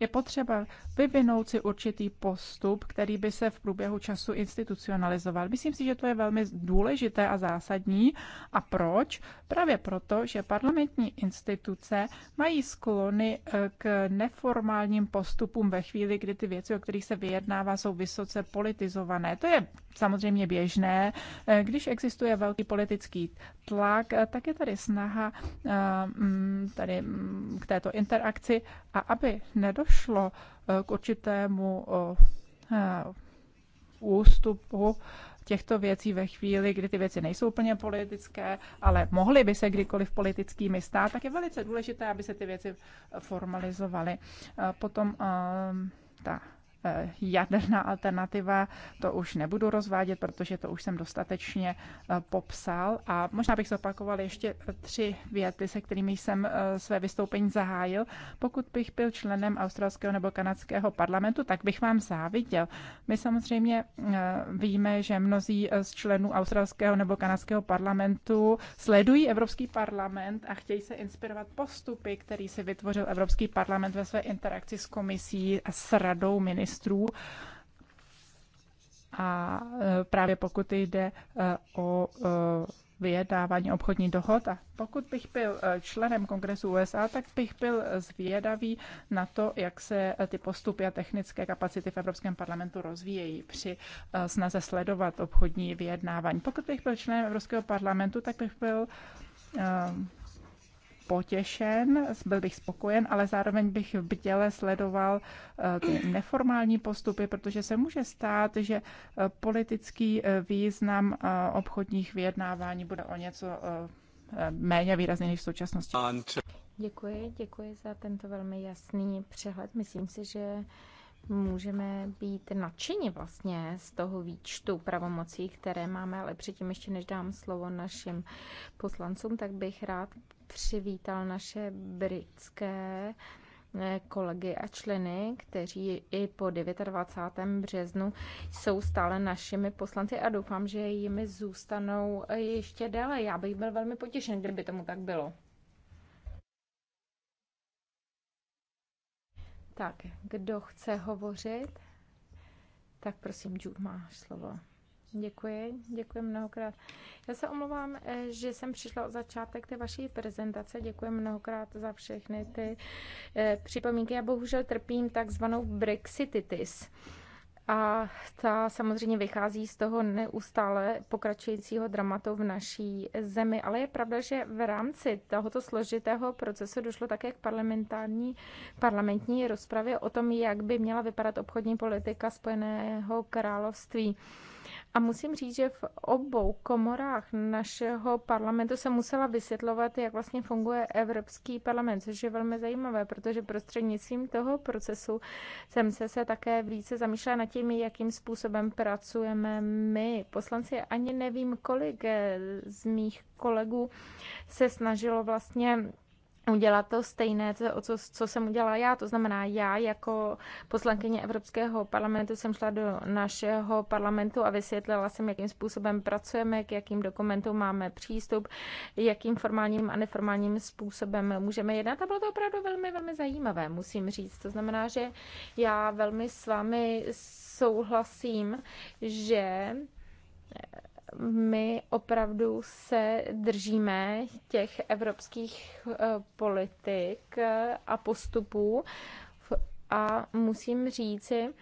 je potřeba vyvinout si určitý postup, který by se v průběhu času institucionalizoval. Myslím si, že to je velmi důležité a zásadní. A proč? Právě proto, že parlamentní instituce mají sklony eh, k neformálním postupům ve chvíli, kdy ty věci, o kterých se vyjednává, jsou vysoce politizované. To je samozřejmě běžné. Eh, Když existuje velký politický tlak, eh, tak je tady snaha mm, tady mm, k této interakci a aby nedo došlo eh, k určitému eh, eh, ústupu těchto věcí ve chvíli, kdy ty věci nejsou úplně politické, ale mohly by se kdykoliv politickými stát, tak je velice důležité, aby se ty věci formalizovaly. Potom ta Eh, jaderná alternativa, to už nebudu rozvádět, protože to už jsem dostatečně eh, popsal. A možná bych zopakoval ještě eh, tři věty, se kterými jsem své vystoupení zahájil. Pokud bych byl členem australského nebo kanadského parlamentu, tak bych vám záviděl. My samozřejmě víme, že mnozí z členů australského nebo kanadského parlamentu sledují Evropský parlament a chtějí se inspirovat postupy, který si vytvořil Evropský parlament ve své interakci s komisí a s radou ministrů ministrů. A e, právě pokud jde e, o e, vyjednávání obchodní dohod. A pokud bych byl členem kongresu USA, tak bych byl zvědavý na to, jak se ty postupy a technické kapacity v Evropském parlamentu rozvíjejí při snaze sledovat obchodní vyjednávání. Pokud bych byl členem Evropského parlamentu, tak bych byl potěšen, byl bych spokojen, ale zároveň bych v bděle sledoval eh, ty neformální postupy, protože se může stát, že eh, politický eh, význam obchodních vyjednávání bude o něco méně výrazný než v současnosti. Děkuji, děkuji za tento velmi jasný přehled. Myslím si, že můžeme být nadšeni vlastně z toho výčtu pravomocí, které máme, ale předtím ještě než dám slovo našim poslancům, tak bych rád přivítal naše britské eh, kolegy a členy, kteří i po 29. březnu jsou stále našimi poslanci a doufám, že jimi zůstanou eh, ještě déle. Já bych byl velmi potěšen, kdyby tomu tak bylo. Tak, kdo chce hovořit, tak prosím, Jude, máš slovo. Děkuji, děkuji mnohokrát. Já se omlouvám, eh, že jsem přišla od začátek té vaší prezentace. Děkuji mnohokrát za všechny ty eh, připomínky. Já bohužel trpím takzvanou brexititis a ta samozřejmě vychází z toho neustále pokračujícího dramatu v naší zemi. Ale je pravda, že v rámci tohoto složitého procesu došlo také k parlamentární, parlamentní rozpravě o tom, jak by měla vypadat obchodní politika Spojeného království. A musím říct, že v obou komorách našeho parlamentu se musela vysvětlovat, jak vlastně funguje Evropský parlament, což je velmi zajímavé, protože prostřednictvím toho procesu jsem se, se také více zamýšlela nad tím, jakým způsobem pracujeme my, poslanci. Ani nevím, kolik eh, z mých kolegů se snažilo vlastně udělat to stejné, co co, co jsem udělala já. To znamená, já jako poslankyně Evropského parlamentu jsem šla do našeho parlamentu a vysvětlila jsem, jakým způsobem pracujeme, k jakým dokumentům máme přístup, jakým formálním a neformálním způsobem můžeme jednat. A bylo to opravdu velmi, velmi zajímavé, musím říct. To znamená, že já velmi s vámi souhlasím, že my opravdu se držíme těch evropských eh, politik eh, a postupů a musím říci,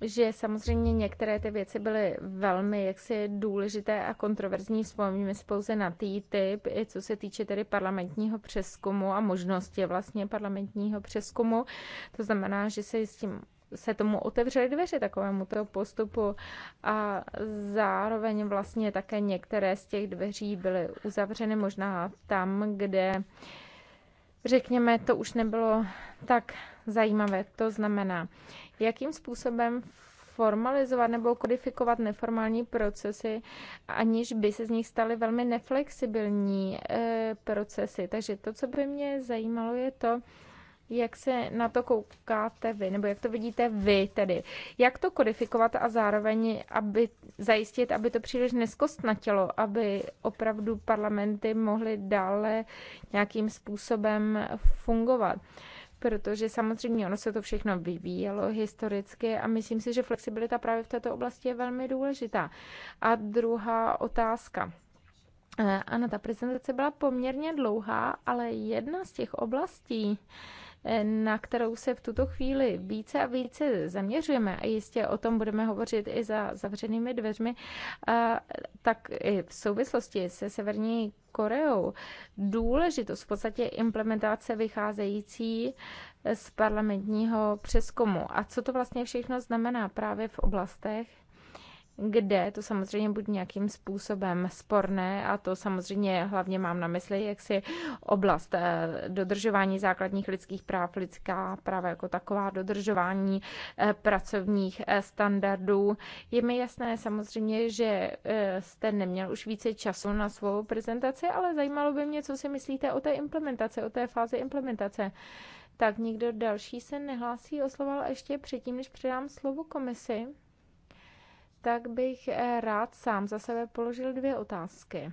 že samozřejmě některé ty věci byly velmi jaksi důležité a kontroverzní. Vzpomínáme si pouze na typ, i co se týče tedy parlamentního přeskumu a možnosti vlastně parlamentního přeskumu. To znamená, že se s tím se tomu otevřely dveře takovému toho postupu a zároveň vlastně také některé z těch dveří byly uzavřeny možná tam, kde řekněme, to už nebylo tak zajímavé. To znamená, jakým způsobem formalizovat nebo kodifikovat neformální procesy, aniž by se z nich staly velmi neflexibilní eh, procesy. Takže to, co by mě zajímalo, je to, jak se na to koukáte vy, nebo jak to vidíte vy tedy. Jak to kodifikovat a zároveň aby zajistit, aby to příliš neskostnatilo, aby opravdu parlamenty mohly dále nějakým způsobem fungovat protože samozřejmě ono se to všechno vyvíjelo historicky a myslím si, že flexibilita právě v této oblasti je velmi důležitá. A druhá otázka. Eh, ano, ta prezentace byla poměrně dlouhá, ale jedna z těch oblastí, na kterou se v tuto chvíli více a více zaměřujeme a jistě o tom budeme hovořit i za zavřenými dveřmi, tak i v souvislosti se Severní Koreou důležitost v podstatě implementace vycházející z parlamentního přeskumu. A co to vlastně všechno znamená právě v oblastech, kde to samozřejmě bude nějakým způsobem sporné a to samozřejmě hlavně mám na mysli, jak si oblast eh, dodržování základních lidských práv, lidská práva jako taková, dodržování eh, pracovních eh, standardů. Je mi jasné samozřejmě, že jste neměl už více času na svou prezentaci, ale zajímalo by mě, co si myslíte o té implementaci, o té fázi implementace. Tak nikdo další se nehlásí o slovo, ale ještě předtím, než předám slovo komisi tak bych eh, rád sám za sebe položil dvě otázky.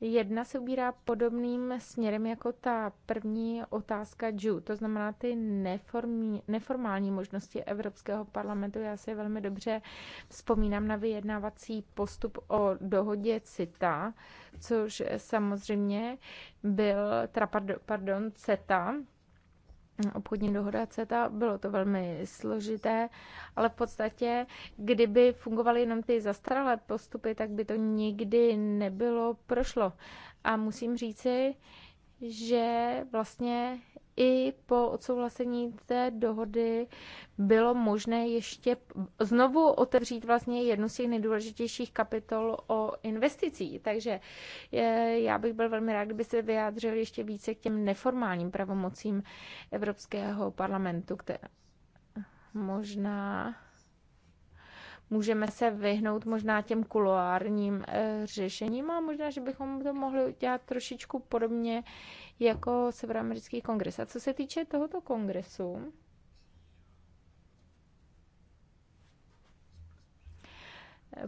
Jedna se ubírá podobným směrem jako ta první otázka Ju, to znamená ty neformí, neformální možnosti Evropského parlamentu. Já si velmi dobře vzpomínám na vyjednávací postup o dohodě CITA, což eh, samozřejmě byl, tra, pardon, CETA, obchodní dohoda CETA, bylo to velmi složité, ale v podstatě, kdyby fungovaly jenom ty zastaralé postupy, tak by to nikdy nebylo prošlo. A musím říci, že vlastně i po odsouhlasení té dohody bylo možné ještě znovu otevřít vlastně jednu z těch nejdůležitějších kapitol o investicích. Takže eh, já bych byl velmi rád, kdyby se vyjádřil ještě více k těm neformálním pravomocím Evropského parlamentu, které možná můžeme se vyhnout možná těm kuloárním eh, řešením a možná, že bychom to mohli udělat trošičku podobně jako Severoamerický kongres. A co se týče tohoto kongresu,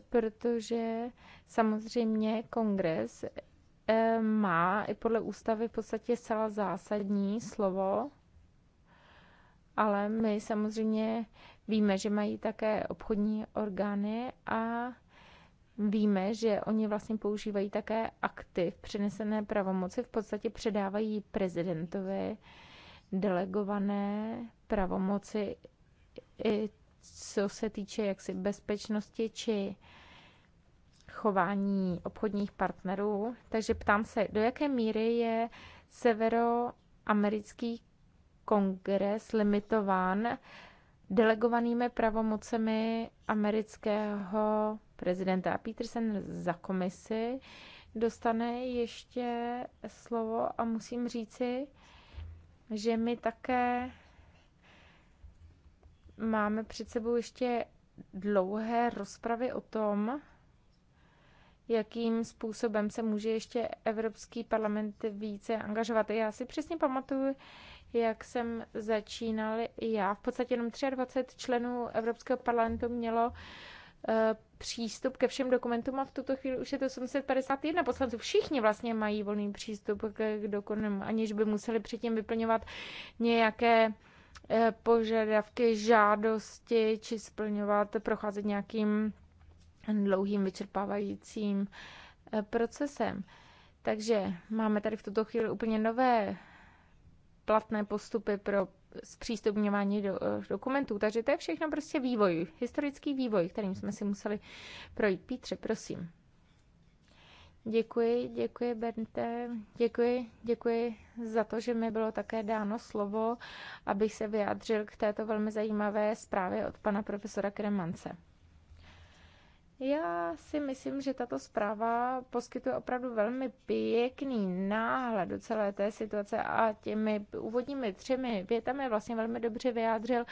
protože samozřejmě kongres eh, má i podle ústavy v podstatě celá zásadní slovo, ale my samozřejmě Víme, že mají také obchodní orgány a víme, že oni vlastně používají také akty v přenesené pravomoci, v podstatě předávají prezidentovi delegované pravomoci, i co se týče jaksi bezpečnosti či chování obchodních partnerů. Takže ptám se, do jaké míry je severoamerický kongres limitován delegovanými pravomocemi amerického prezidenta. A Peterson za komisi dostane ještě slovo a musím říci, že my také máme před sebou ještě dlouhé rozpravy o tom, jakým způsobem se může ještě Evropský parlament více angažovat. Já si přesně pamatuju, jak jsem začínal já, v podstatě jenom 23 členů Evropského parlamentu mělo eh, přístup ke všem dokumentům a v tuto chvíli už je to 751 poslanců. Všichni vlastně mají volný přístup k dokumentům, aniž by museli předtím vyplňovat nějaké eh, požadavky, žádosti či splňovat, procházet nějakým dlouhým vyčerpávajícím eh, procesem. Takže máme tady v tuto chvíli úplně nové platné postupy pro zpřístupňování do, eh, dokumentů. Takže to je všechno prostě vývoj, historický vývoj, kterým jsme si museli projít. Pítře, prosím. Děkuji, děkuji Bente, děkuji, děkuji za to, že mi bylo také dáno slovo, abych se vyjádřil k této velmi zajímavé zprávě od pana profesora Kremance. Já si myslím, že tato zpráva poskytuje opravdu velmi pěkný náhled do celé té situace a těmi úvodními třemi větami vlastně velmi dobře vyjádřil,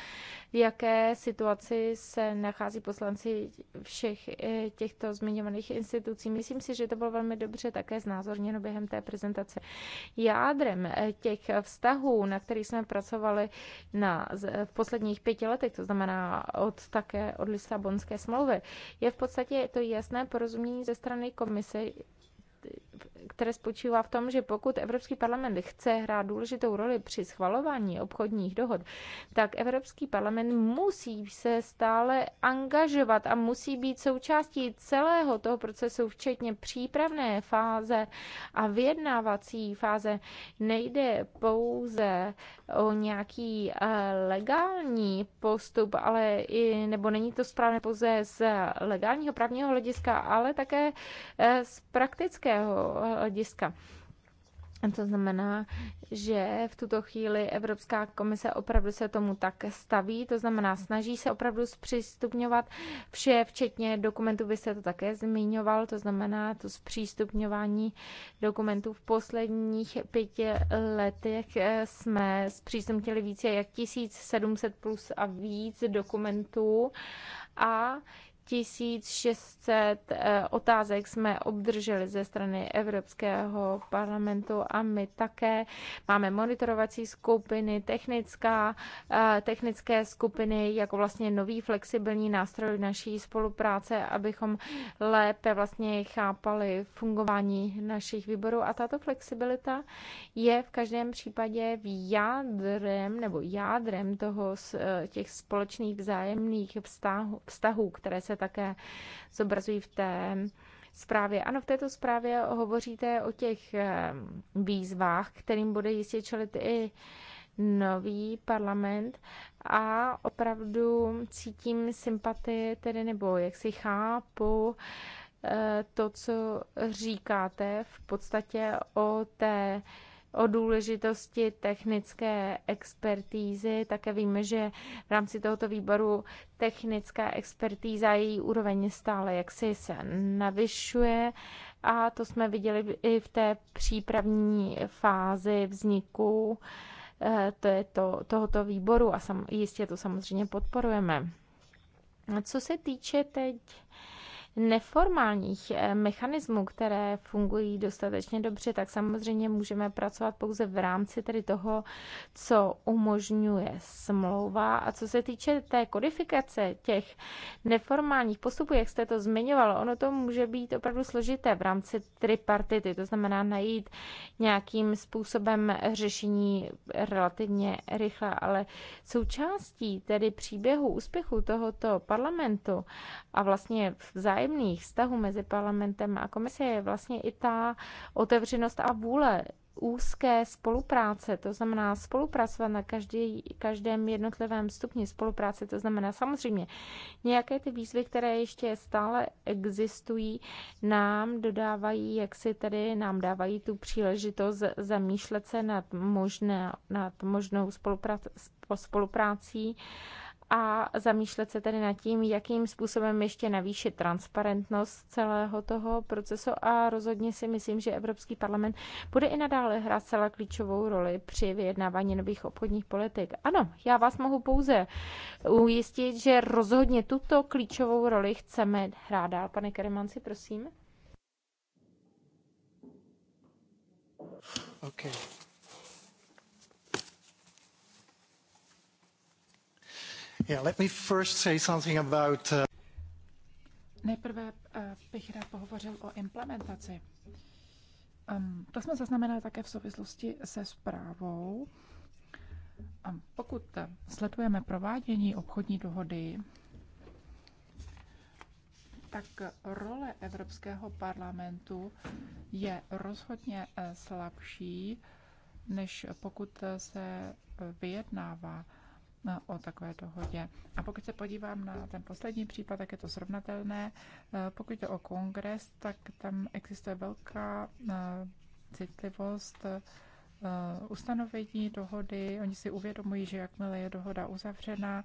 v jaké situaci se nachází poslanci všech eh, těchto zmiňovaných institucí. Myslím si, že to bylo velmi dobře také znázorněno během té prezentace. Jádrem eh, těch vztahů, na kterých jsme pracovali na, v posledních pěti letech, to znamená od také od Lisabonské smlouvy, je v podstatě podstatě je to jasné porozumění ze strany komise, které spočívá v tom, že pokud Evropský parlament chce hrát důležitou roli při schvalování obchodních dohod, tak Evropský parlament musí se stále angažovat a musí být součástí celého toho procesu, včetně přípravné fáze a vyjednávací fáze. Nejde pouze o nějaký eh, legální postup, ale i, nebo není to správné pouze z legálního právního hlediska, ale také eh, z praktické politického eh, hlediska. To znamená, že v tuto chvíli Evropská komise opravdu se tomu tak staví, to znamená, snaží se opravdu zpřístupňovat vše, včetně dokumentů, vy jste to také zmiňoval, to znamená to zpřístupňování dokumentů. V posledních pěti letech eh, jsme zpřístupnili více jak 1700 plus a víc dokumentů a 1600 eh, otázek jsme obdrželi ze strany Evropského parlamentu a my také máme monitorovací skupiny, technická, eh, technické skupiny jako vlastně nový flexibilní nástroj naší spolupráce, abychom lépe vlastně chápali fungování našich výborů a tato flexibilita je v každém případě v jádrem nebo jádrem toho eh, těch společných vzájemných vztahů, vztahů které se se také zobrazují v té zprávě. Ano, v této zprávě hovoříte o těch eh, výzvách, kterým bude jistě čelit i nový parlament a opravdu cítím sympatie, tedy nebo jak si chápu eh, to, co říkáte v podstatě o té o důležitosti technické expertízy. Také víme, že v rámci tohoto výboru technická expertíza a její úroveň stále jaksi se navyšuje a to jsme viděli i v té přípravní fázi vzniku eh, to je to, tohoto výboru a sam, jistě to samozřejmě podporujeme. Co se týče teď neformálních eh, mechanismů, které fungují dostatečně dobře, tak samozřejmě můžeme pracovat pouze v rámci tedy toho, co umožňuje smlouva. A co se týče té kodifikace těch neformálních postupů, jak jste to zmiňoval, ono to může být opravdu složité v rámci tripartity, to znamená najít nějakým způsobem řešení relativně rychle, ale součástí tedy příběhu úspěchu tohoto parlamentu a vlastně v zájem vzájemných vztahů mezi parlamentem a komisí je vlastně i ta otevřenost a vůle úzké spolupráce, to znamená spolupracovat na každý, každém jednotlivém stupni spolupráce, to znamená samozřejmě nějaké ty výzvy, které ještě stále existují, nám dodávají, jak si tedy nám dávají tu příležitost zamýšlet se nad, možné, nad možnou spolupráci, a zamýšlet se tedy nad tím, jakým způsobem ještě navýšit transparentnost celého toho procesu a rozhodně si myslím, že Evropský parlament bude i nadále hrát celá klíčovou roli při vyjednávání nových obchodních politik. Ano, já vás mohu pouze ujistit, že rozhodně tuto klíčovou roli chceme hrát dál. Pane Keremanci, prosím. Okay. Uh, Nejprve eh, bych rád pohovořil o implementaci. to jsme zaznamenali také v souvislosti se zprávou. pokud eh, sledujeme provádění obchodní dohody, tak role Evropského parlamentu je rozhodně eh, slabší, než pokud se vyjednává No, o takové dohodě. A pokud se podívám na ten poslední případ, tak je to srovnatelné. Eh, pokud jde o kongres, tak tam existuje velká eh, citlivost eh, ustanovení dohody. Oni si uvědomují, že jakmile je dohoda uzavřena,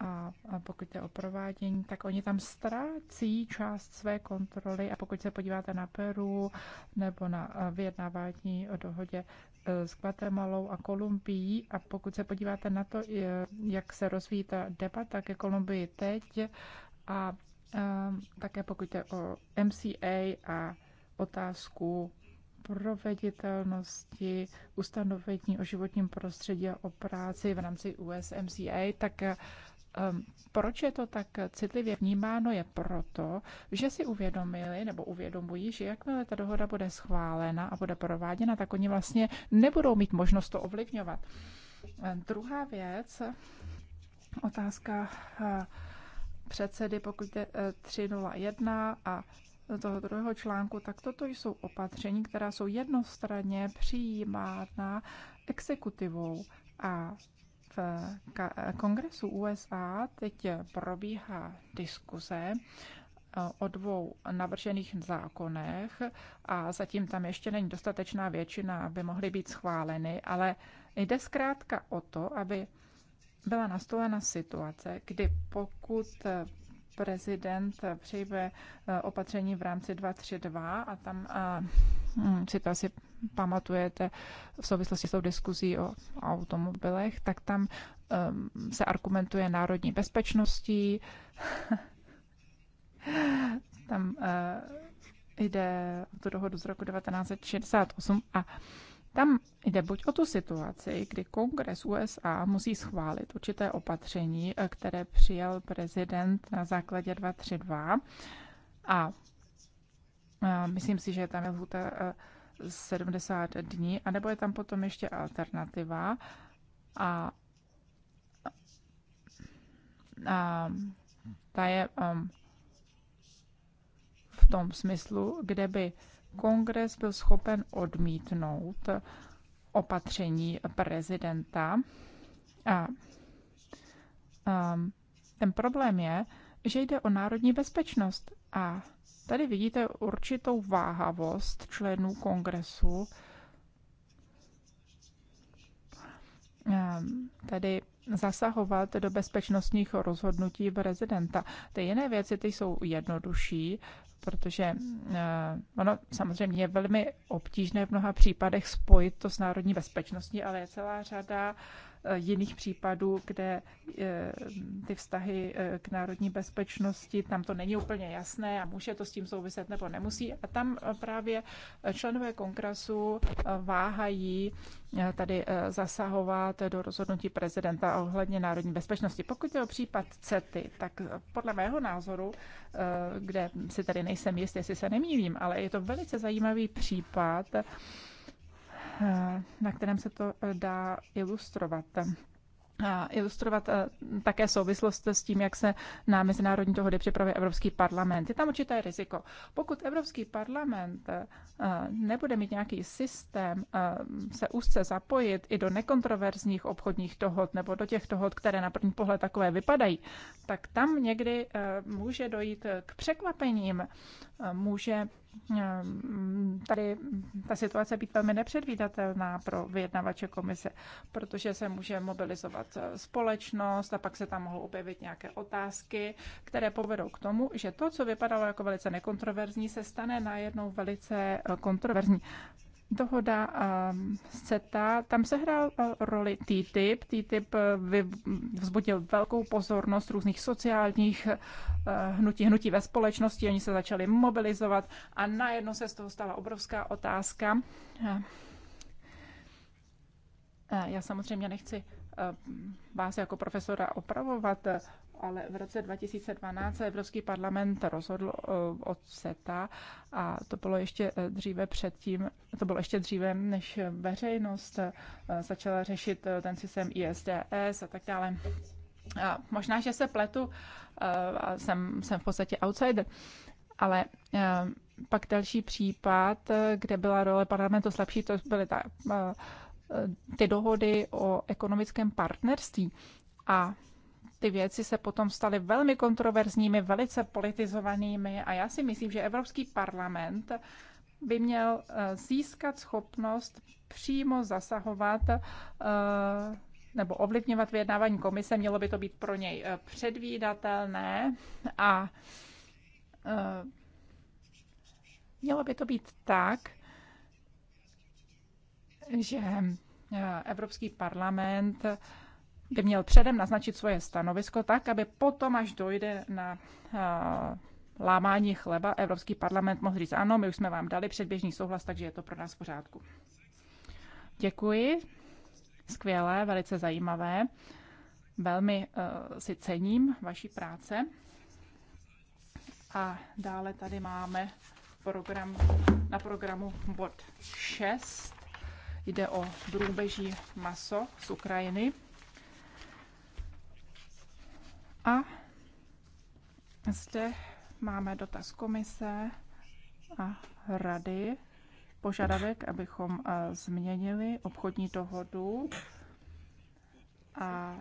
a, pokud jde o provádění, tak oni tam ztrácí část své kontroly a pokud se podíváte na Peru nebo na vyjednávání o dohodě s Guatemalou a Kolumbií a pokud se podíváte na to, jak se rozvíjí ta debata ke Kolumbii teď a také pokud je o MCA a otázku proveditelnosti ustanovení o životním prostředí a o práci v rámci USMCA, tak Ehm, proč je to tak citlivě vnímáno, je proto, že si uvědomili nebo uvědomují, že jakmile ta dohoda bude schválena a bude prováděna, tak oni vlastně nebudou mít možnost to ovlivňovat. Ehm, druhá věc, otázka eh, předsedy, pokud eh, je 301 a toho druhého článku, tak toto jsou opatření, která jsou jednostranně přijímána exekutivou a v kongresu USA teď probíhá diskuze eh, o dvou navržených zákonech a zatím tam ještě není dostatečná většina, aby mohly být schváleny, ale jde zkrátka o to, aby byla nastolena situace, kdy pokud prezident přijme eh, opatření v rámci 232 a tam eh, hm, si to asi pamatujete v souvislosti s tou diskuzí o automobilech, tak tam ehm, se argumentuje národní bezpečností. tam eh, jde o tu dohodu z roku 1968 a tam jde buď o tu situaci, kdy kongres USA musí schválit určité opatření, eh, které přijal prezident na základě 232 a eh, myslím si, že tam je lhuta 70 dní, anebo je tam potom ještě alternativa a, a ta je um, v tom smyslu, kde by kongres byl schopen odmítnout opatření prezidenta. A, a ten problém je, že jde o národní bezpečnost. A tady vidíte určitou váhavost členů kongresu. Ehm, tady zasahovat do bezpečnostních rozhodnutí rezidenta. Ty jiné věci ty jsou jednodušší, protože uh, ono samozřejmě je velmi obtížné v mnoha případech spojit to s národní bezpečností, ale je celá řada uh, Eh, jiných případů, kde eh, ty vztahy eh, k národní bezpečnosti, tam to není úplně jasné a může to s tím souviset nebo nemusí. A tam právě členové kongresu váhají tady zasahovat do rozhodnutí prezidenta ohledně národní bezpečnosti. Pokud je o případ CETY, tak podle mého názoru, kde si tady nejsem jist, jestli se nemýlím, ale je to velice zajímavý případ, Eh, na kterém se to eh, dá ilustrovat. A eh, ilustrovat také souvislost s tím, jak se na mezinárodní dohody připravuje Evropský parlament. Je tam určité riziko. Pokud Evropský parlament nebude mít nějaký systém se úzce zapojit i do nekontroverzních obchodních dohod nebo do těch dohod, které na první pohled takové vypadají, tak tam někdy může dojít k překvapením může eh, tady ta situace být velmi nepředvídatelná pro vyjednavače komise, protože se může mobilizovat eh, společnost a pak se tam mohou objevit nějaké otázky, které povedou k tomu, že to, co vypadalo jako velice nekontroverzní, se stane najednou velice eh, kontroverzní dohoda z CETA, tam se hrál roli TTIP. TTIP e, vzbudil velkou pozornost různých sociálních e, hnutí, hnutí ve společnosti, oni se začali mobilizovat a najednou se z toho stala obrovská otázka. E, já samozřejmě nechci vás jako profesora opravovat, ale v roce 2012 Evropský parlament rozhodl eh, o CETA a to bylo ještě eh, dříve předtím, to bylo ještě dříve, než veřejnost eh, začala řešit ten systém ISDS a tak dále. A možná, že se pletu, a jsem, jsem v podstatě outsider, ale pak další případ, kde byla role parlamentu slabší, to byly ta, ty dohody o ekonomickém partnerství. A ty věci se potom staly velmi kontroverzními, velice politizovanými a já si myslím, že Evropský parlament by měl eh, získat schopnost přímo zasahovat eh, nebo ovlivňovat vyjednávání komise, mělo by to být pro něj eh, předvídatelné a mělo by to být tak, že Evropský parlament by měl předem naznačit svoje stanovisko tak, aby potom, až dojde na lámání chleba, Evropský parlament mohl říct, ano, my už jsme vám dali předběžný souhlas, takže je to pro nás v pořádku. Děkuji. Skvělé, velice zajímavé. Velmi uh, si cením vaší práce. A dále tady máme program, na programu bod 6. Jde o drůbeží maso z Ukrajiny. A zde máme dotaz komise a rady. Požadavek, abychom eh, změnili obchodní dohodu a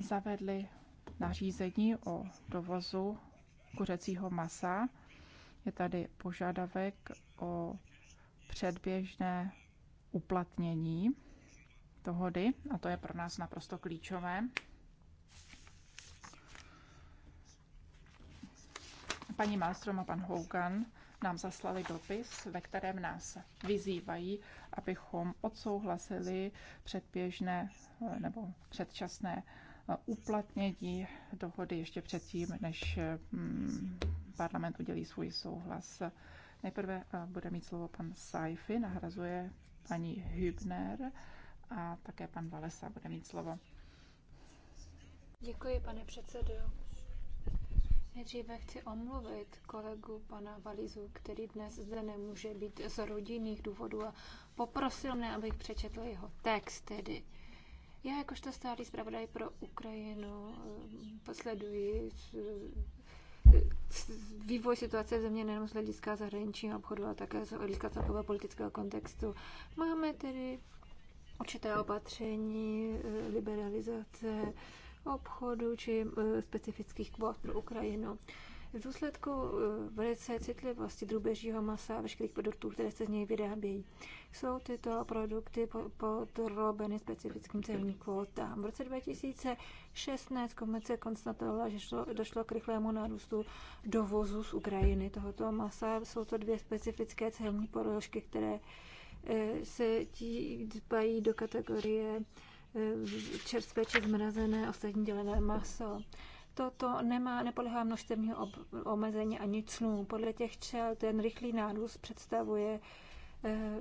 zavedli nařízení o dovozu kuřecího masa. Je tady požadavek o předběžné uplatnění dohody a to je pro nás naprosto klíčové. Paní Malmström a pan Hogan nám zaslali dopis, ve kterém nás vyzývají, abychom odsouhlasili předběžné eh, nebo předčasné eh, uplatnění dohody ještě předtím, než mm, parlament udělí svůj souhlas. Nejprve eh, bude mít slovo pan Saifi, nahrazuje paní Hübner a také pan Valesa bude mít slovo. Děkuji, pane předsedo. Nejdříve chci omluvit kolegu pana Valizu, který dnes zde nemůže být z rodinných důvodů a poprosil mě, abych přečetl jeho text tedy. Já jakožto stálý zpravodaj pro Ukrajinu posleduji eh, vývoj situace v země nejenom z hlediska zahraničního obchodu, ale také z hlediska celkového politického kontextu. Máme tedy určité opatření, eh, liberalizace obchodu či eh, specifických kvót pro Ukrajinu. V důsledku eh, velice citlivosti drůbežího masa a veškerých produktů, které se z něj vyrábějí, jsou tyto produkty podrobeny specifickým celním kvótám. V roce 2016 komice konstatovala, že šlo, došlo k rychlému nárůstu dovozu z Ukrajiny tohoto masa. Jsou to dvě specifické celní položky, které eh, se dbají do kategorie Eh, čerstvé či zmrazené ostatní dělené maso. Toto nemá, nepodlehá množstevního omezení ani clů. Podle těch čel ten rychlý nárůst představuje eh,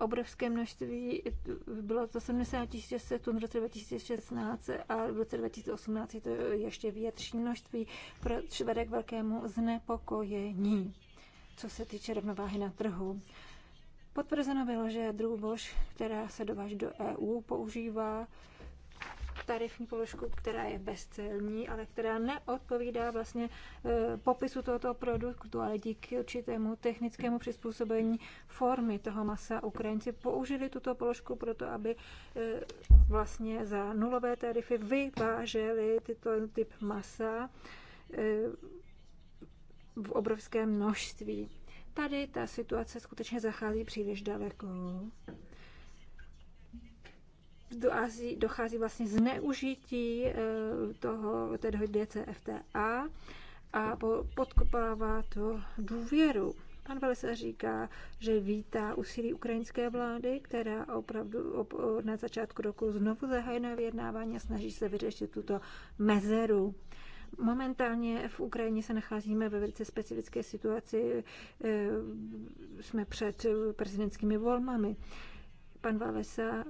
obrovské množství, bylo to 70 600 tun v roce 2016 a v roce 2018 je to ještě větší množství, proč vede k velkému znepokojení, co se týče rovnováhy na trhu. Potvrzeno bylo, že drůbož, která se dováž do EU, používá tarifní položku, která je bezcelní, ale která neodpovídá vlastně e, popisu tohoto produktu, ale díky určitému technickému přizpůsobení formy toho masa Ukrajinci použili tuto položku proto, aby e, vlastně za nulové tarify vyváželi tyto typ masa e, v obrovském množství. Tady ta situace skutečně zachází příliš daleko. Dochází, dochází vlastně zneužití eh, toho, DCFTA a podkopává to důvěru. Pan Velesa říká, že vítá úsilí ukrajinské vlády, která opravdu na začátku roku znovu na vyjednávání a snaží se vyřešit tuto mezeru. Momentálně v Ukrajině se nacházíme ve velice specifické situaci. E, jsme před prezidentskými volbami. Pan Valesa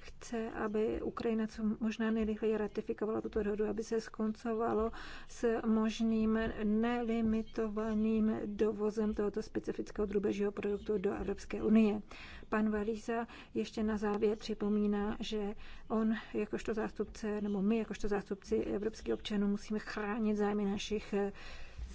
chce, aby Ukrajina co možná nejrychleji ratifikovala tuto dohodu, aby se skoncovalo s možným nelimitovaným dovozem tohoto specifického drubežího produktu do Evropské unie. Pan Valíza ještě na závěr připomíná, že on jakožto zástupce, nebo my jakožto zástupci evropských občanů musíme chránit zájmy našich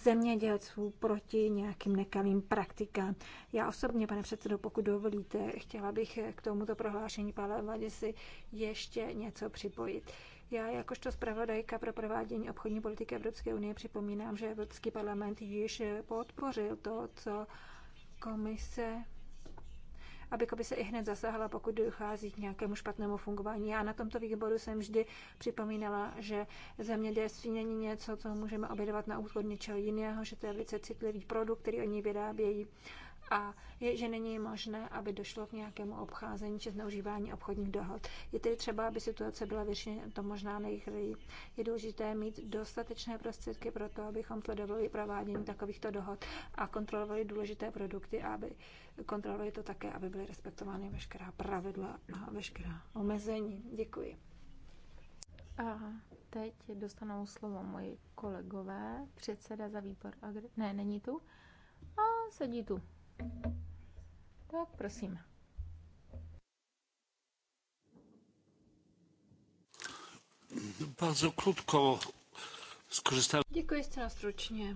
zemědělců proti nějakým nekalým praktikám. Já osobně, pane předsedo, pokud dovolíte, chtěla bych k tomuto prohlášení pana Vadisy ještě něco připojit. Já jakožto zpravodajka pro provádění obchodní politiky Evropské unie připomínám, že Evropský parlament již podpořil to, co komise aby se i hned zasahla, pokud dochází k nějakému špatnému fungování. Já na tomto výboru jsem vždy připomínala, že zemědělství není něco, co můžeme obědovat na úkor něčeho jiného, že to je velice citlivý produkt, který oni vyrábějí a je, že není možné, aby došlo k nějakému obcházení či zneužívání obchodních dohod. Je tedy třeba, aby situace byla většině to možná nejrychleji. Je důležité mít dostatečné prostředky pro to, abychom sledovali provádění takovýchto dohod a kontrolovali důležité produkty, aby Kontroluje to také, aby byly respektovány veškerá pravidla a veškerá omezení. Děkuji. A teď dostanou slovo moji kolegové, předseda za výbor Agri... Ne, není tu. A sedí tu. Tak prosím. Bardzo krótko skorzystałem. Děkuji, zcela stručnie.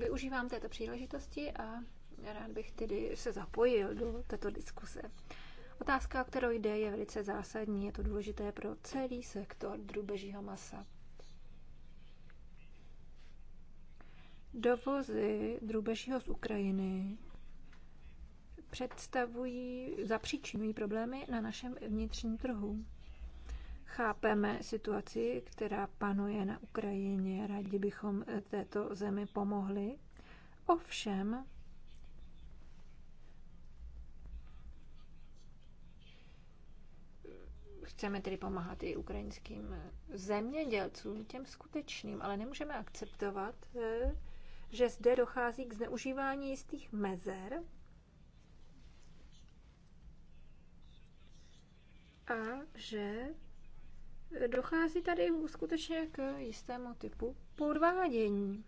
Využívám této příležitosti a rád bych tedy se zapojil do této diskuse. Otázka, o kterou jde, je velice zásadní. Je to důležité pro celý sektor drůbežího masa. Dovozy drůbežího z Ukrajiny představují, zapříčinují problémy na našem vnitřním trhu chápeme situaci, která panuje na Ukrajině. Rádi bychom eh, této zemi pomohli. Ovšem, chceme tedy pomáhat i ukrajinským eh, zemědělcům, těm skutečným, ale nemůžeme akceptovat, eh, že zde dochází k zneužívání jistých mezer a že dochází tady skutečně k jistému typu podvádění.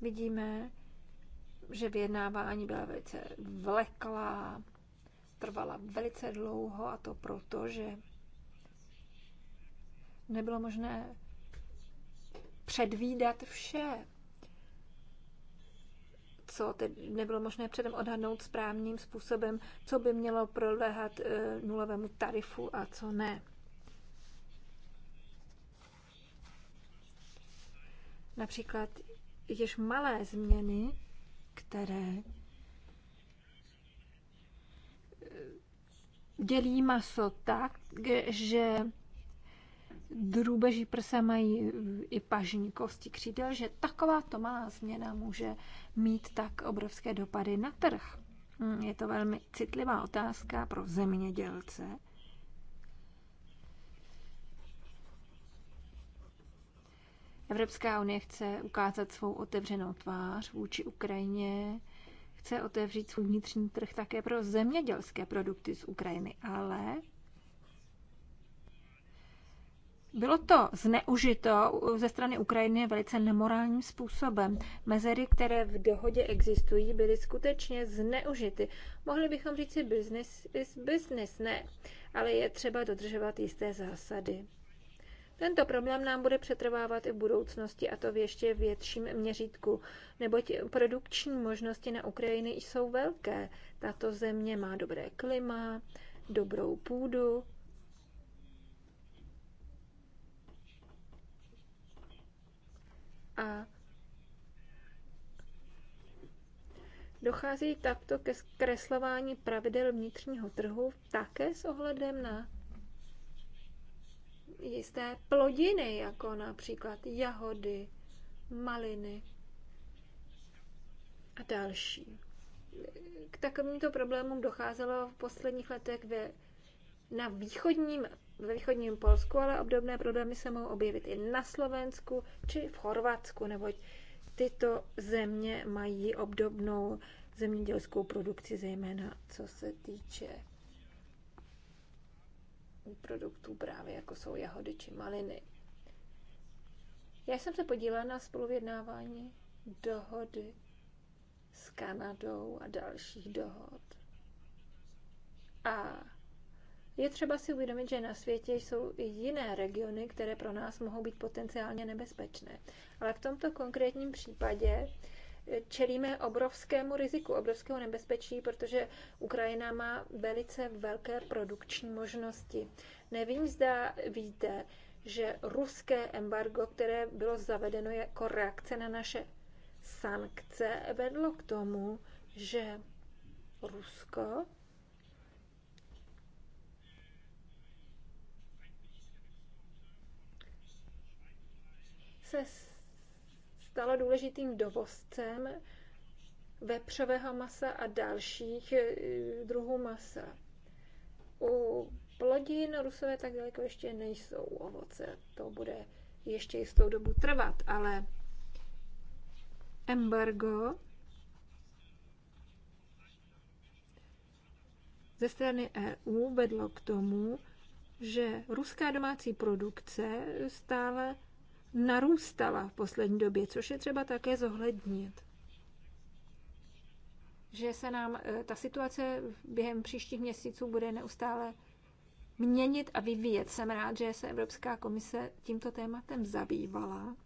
Vidíme, že vyjednávání byla velice vleklá, trvala velice dlouho a to proto, že nebylo možné předvídat vše co teď nebylo možné předem odhadnout správným způsobem, co by mělo proléhat e, nulovému tarifu a co ne. Například jež malé změny, které e, dělí maso tak, že drůbeží prsa mají e, i pažní kosti křídel, že to malá změna může mít tak obrovské dopady na trh. Hmm, je to velmi citlivá otázka pro zemědělce. Evropská unie chce ukázat svou otevřenou tvář vůči Ukrajině, chce otevřít svůj vnitřní trh také pro zemědělské produkty z Ukrajiny, ale bylo to zneužito ze strany Ukrajiny velice nemorálním způsobem. Mezery, které v dohodě existují, byly skutečně zneužity. Mohli bychom říct si business is business, ne, ale je třeba dodržovat jisté zásady. Tento problém nám bude přetrvávat i v budoucnosti a to v ještě větším měřítku, neboť produkční možnosti na Ukrajiny jsou velké. Tato země má dobré klima, dobrou půdu, A dochází takto ke zkreslování pravidel vnitřního trhu také s ohledem na jisté plodiny, jako například jahody, maliny a další. K takovýmto problémům docházelo v posledních letech ve, na východním ve východním Polsku, ale obdobné problémy se mohou objevit i na Slovensku či v Chorvatsku, neboť tyto země mají obdobnou zemědělskou produkci, zejména co se týče produktů právě jako jsou jahody či maliny. Já jsem se podílela na spoluvědnávání dohody s Kanadou a dalších dohod. A je třeba si uvědomit, že na světě jsou i jiné regiony, které pro nás mohou být potenciálně nebezpečné. Ale v tomto konkrétním případě eh, čelíme obrovskému riziku, obrovskému nebezpečí, protože Ukrajina má velice velké produkční možnosti. Nevím, zda víte, že ruské embargo, které bylo zavedeno jako reakce na naše sankce, vedlo k tomu, že Rusko se stala důležitým dovozcem vepřového masa a dalších e, druhů masa. U plodin rusové tak daleko ještě nejsou ovoce. To bude ještě jistou dobu trvat, ale embargo ze strany EU vedlo k tomu, že ruská domácí produkce stále narůstala v poslední době, což je třeba také zohlednit. Že se nám eh, ta situace během příštích měsíců bude neustále měnit a vyvíjet. Jsem rád, že se Evropská komise tímto tématem zabývala.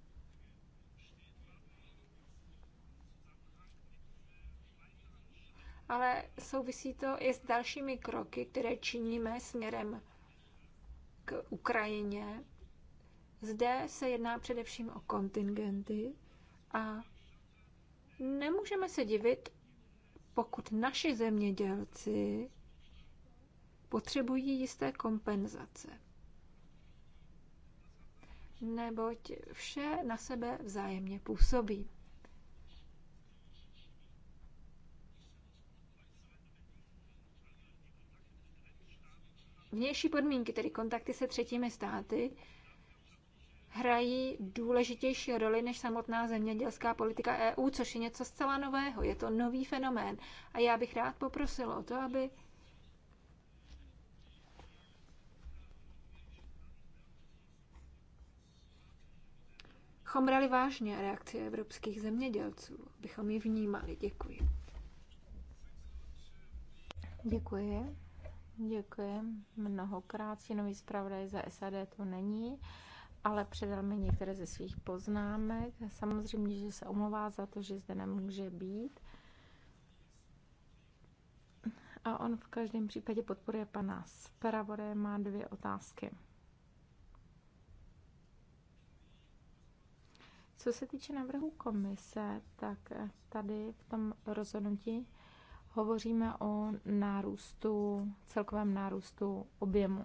Ale souvisí to i s dalšími kroky, které činíme směrem k Ukrajině, zde se jedná především o kontingenty a nemůžeme se divit, pokud naši zemědělci potřebují jisté kompenzace. Neboť vše na sebe vzájemně působí. Vnější podmínky, tedy kontakty se třetími státy, hrají důležitější roli než samotná zemědělská politika EU, což je něco zcela nového. Je to nový fenomén. A já bych rád poprosil o to, aby brali vážně reakci evropských zemědělců, bychom ji vnímali. Děkuji. Děkuji. Děkuji mnohokrát. Sinový zpravodaj za SAD tu není ale předal mi některé ze svých poznámek. Samozřejmě, že se omlouvá za to, že zde nemůže být. A on v každém případě podporuje pana Spravodaje, má dvě otázky. Co se týče návrhu komise, tak tady v tom rozhodnutí hovoříme o nárůstu, celkovém nárůstu objemu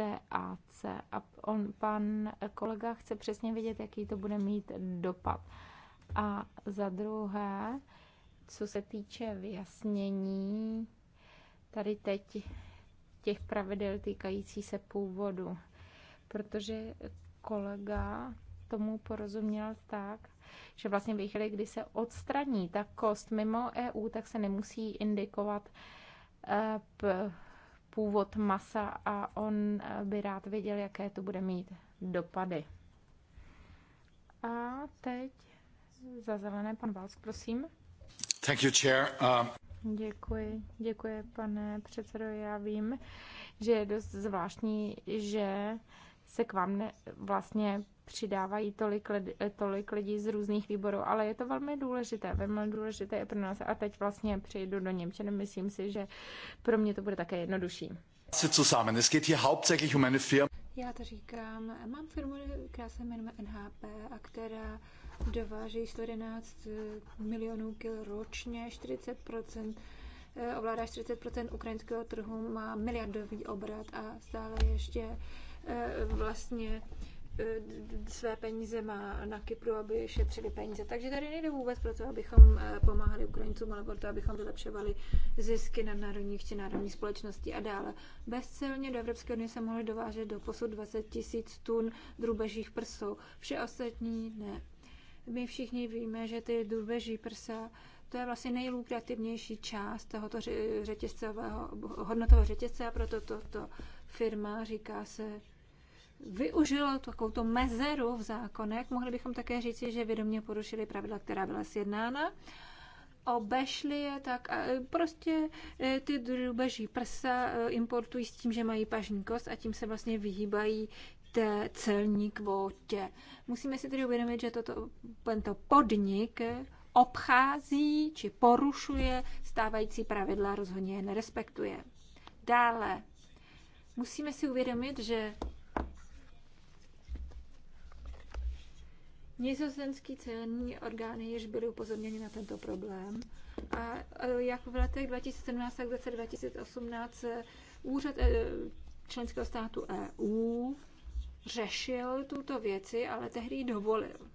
TAC. A on, pan kolega chce přesně vědět, jaký to bude mít dopad. A za druhé, co se týče vyjasnění, tady teď těch pravidel týkající se původu, protože kolega tomu porozuměl tak, že vlastně ve chvíli, kdy se odstraní ta kost mimo EU, tak se nemusí indikovat eh, původ masa a on eh, by rád věděl, jaké to bude mít dopady. A teď za zelené pan Valsk, prosím. Thank you, chair. Uh... Děkuji, děkuji, pane předsedo. Já vím, že je dost zvláštní, že se k vám ne, vlastně přidávají tolik, tolik lidí z různých výborů, ale je to velmi důležité, velmi důležité i pro nás. A teď vlastně přejdu do Němčiny, myslím si, že pro mě to bude také jednodušší. Zusammen. Es geht hier hauptsächlich um eine Firma. Já to říkám, mám firmu, která se jmenuje NHP a která dováží 111 milionů kil ročně, 40%, eh, ovládá 40% ukrajinského trhu, má miliardový obrat a stále ještě eh, vlastně Eh, své peníze má na Kypru, aby šetřili peníze. Takže tady nejde vůbec pro to, abychom eh, pomáhali Ukrajincům, ale pro to, abychom vylepšovali zisky na národních či národních společnosti a dále. Bezcelně do Evropské unie se mohly dovážet do posud 20 tisíc tun drubežích prsou. Vše ostatní ne. My všichni víme, že ty drubeží prsa to je vlastně nejlukrativnější část tohoto řetězcového, hodnotového řetězce a proto toto to firma říká se využilo takovou tu mezeru v zákonech. Mohli bychom také říci, že vědomě porušili pravidla, která byla sjednána obešli je, tak a e, prostě e, ty drubeží prsa e, importují s tím, že mají pažní kost a tím se vlastně vyhýbají té celní kvótě. Musíme si tedy uvědomit, že toto, tento podnik obchází či porušuje stávající pravidla, rozhodně je nerespektuje. Dále musíme si uvědomit, že Nizozemský celní orgány již byly upozorněny na tento problém a e, jak v letech 2017, tak v 2018 e, úřad e, členského státu EU řešil tuto věci, ale tehdy dovolil.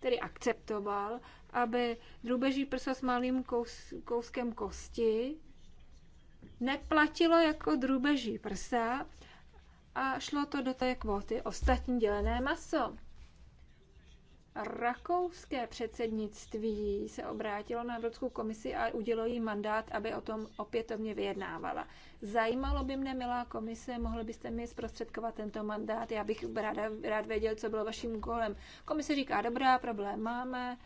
Tedy akceptoval, aby drůbeží prsa s malým kous, kouskem kosti neplatilo jako drůbeží prsa a šlo to do té kvóty ostatní dělené maso. Rakouské předsednictví se obrátilo na Evropskou komisi a udělilo jí mandát, aby o tom opětovně vyjednávala. Zajímalo by mne, milá komise, mohli byste mi zprostředkovat tento mandát? Já bych ráda, rád věděl, co bylo vaším úkolem. Komise říká, dobrá, problém máme,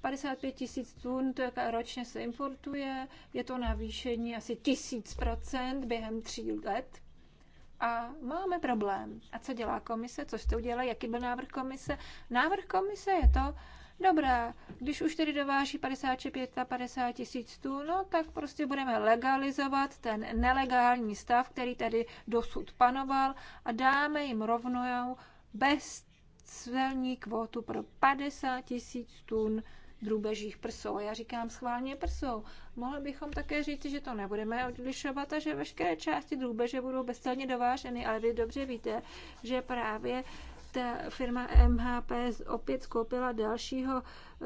55 tisíc tun to ročně se importuje, je to navýšení asi 1000% během tří let a máme problém. A co dělá komise? Co jste udělali? Jaký byl návrh komise? Návrh komise je to, dobrá, když už tedy dováží 55 a 50 tisíc tun, no, tak prostě budeme legalizovat ten nelegální stav, který tady dosud panoval a dáme jim rovnou bez celní kvotu pro 50 tisíc tun drůbežích prsou. já říkám schválně prsou. Mohli bychom také říct, že to nebudeme odlišovat a že veškeré části drůbeže budou bezcelně dováženy, ale vy dobře víte, že právě ta firma MHP opět skoupila dalšího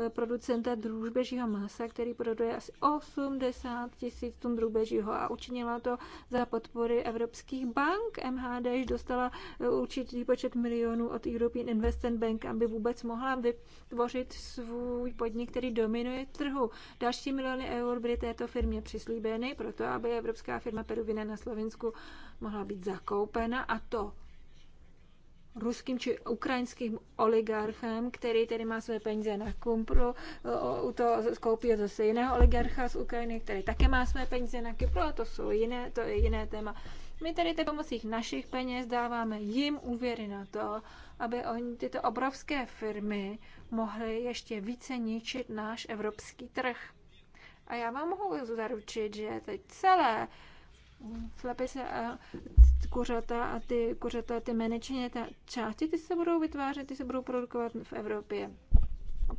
eh, producenta drůžbežího masa, který produje asi 80 tisíc tun drůbežího a učinila to za podpory evropských bank. MHD již dostala eh, určitý počet milionů od European Investment Bank, aby vůbec mohla vytvořit svůj podnik, který dominuje trhu. Další miliony eur byly této firmě přislíbeny, proto aby evropská firma Peruvina na Slovensku mohla být zakoupena a to ruským či ukrajinským oligarchem, který tedy má své peníze na Kumpru, u toho koupí zase jiného oligarcha z Ukrajiny, který také má své peníze na Kypru a to jsou jiné, to je jiné téma. My tedy te pomocí našich peněz dáváme jim úvěry na to, aby oni tyto obrovské firmy mohly ještě více ničit náš evropský trh. A já vám mohu zaručit, že teď celé se a kuřata a ty kuřata, ty menečeně, ta části, ty se budou vytvářet, ty se budou produkovat v Evropě.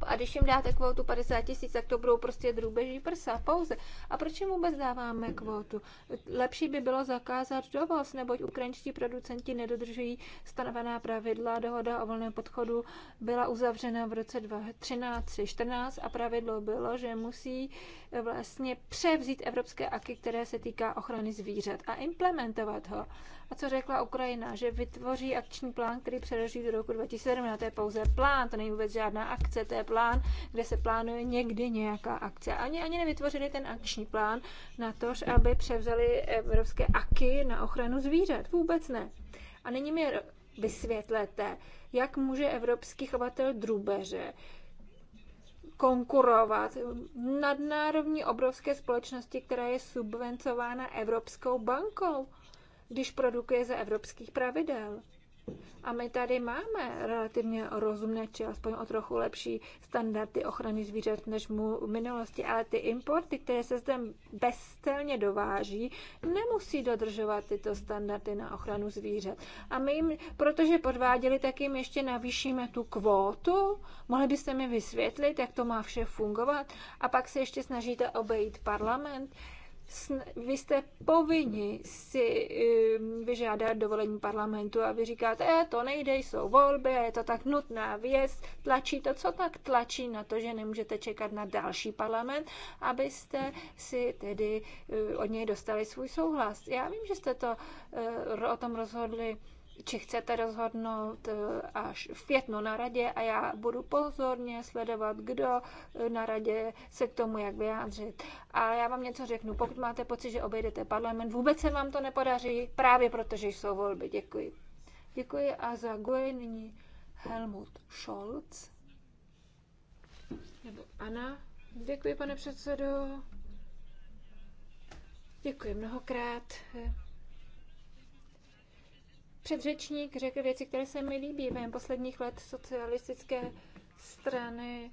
A když jim dáte kvotu 50 tisíc, tak to budou prostě drůbeží prsa, pouze. A proč jim vůbec dáváme kvotu? Lepší by bylo zakázat dovoz, neboť ukrajinští producenti nedodržují stanovená pravidla. Dohoda o volném podchodu byla uzavřena v roce 2013-2014 a pravidlo bylo, že musí vlastně převzít evropské aky, které se týká ochrany zvířat a implementovat ho. A co řekla Ukrajina? Že vytvoří akční plán, který předloží do roku 2017. To je pouze plán, to není vůbec žádná akce, to je plán, kde se plánuje někdy nějaká akce. Ani, ani nevytvořili ten akční plán na to, aby převzali evropské aky na ochranu zvířat. Vůbec ne. A nyní mi vysvětlete, jak může evropský chovatel drubeře konkurovat nadnárodní obrovské společnosti, která je subvencována Evropskou bankou když produkuje za evropských pravidel. A my tady máme relativně rozumné, či aspoň o trochu lepší standardy ochrany zvířat než mu v minulosti, ale ty importy, které se zde bezcelně dováží, nemusí dodržovat tyto standardy na ochranu zvířat. A my jim, protože podváděli, tak jim ještě navýšíme tu kvótu. Mohli byste mi vysvětlit, jak to má vše fungovat? A pak se ještě snažíte obejít parlament vy jste povinni si um, vyžádat dovolení parlamentu a vy říkáte, e, to nejde, jsou volby, je to tak nutná věc, tlačí to, co tak tlačí na to, že nemůžete čekat na další parlament, abyste si tedy uh, od něj dostali svůj souhlas. Já vím, že jste to uh, o tom rozhodli či chcete rozhodnout eh, až v květnu na radě a já budu pozorně sledovat, kdo eh, na radě se k tomu jak vyjádřit. A já vám něco řeknu, pokud máte pocit, že obejdete parlament, vůbec se vám to nepodaří, právě protože jsou volby. Děkuji. Děkuji a za Goje nyní Helmut Scholz. Nebo Anna. Děkuji, pane předsedo. Děkuji mnohokrát. Předřečník řekl věci, které se mi líbí. Během posledních let socialistické strany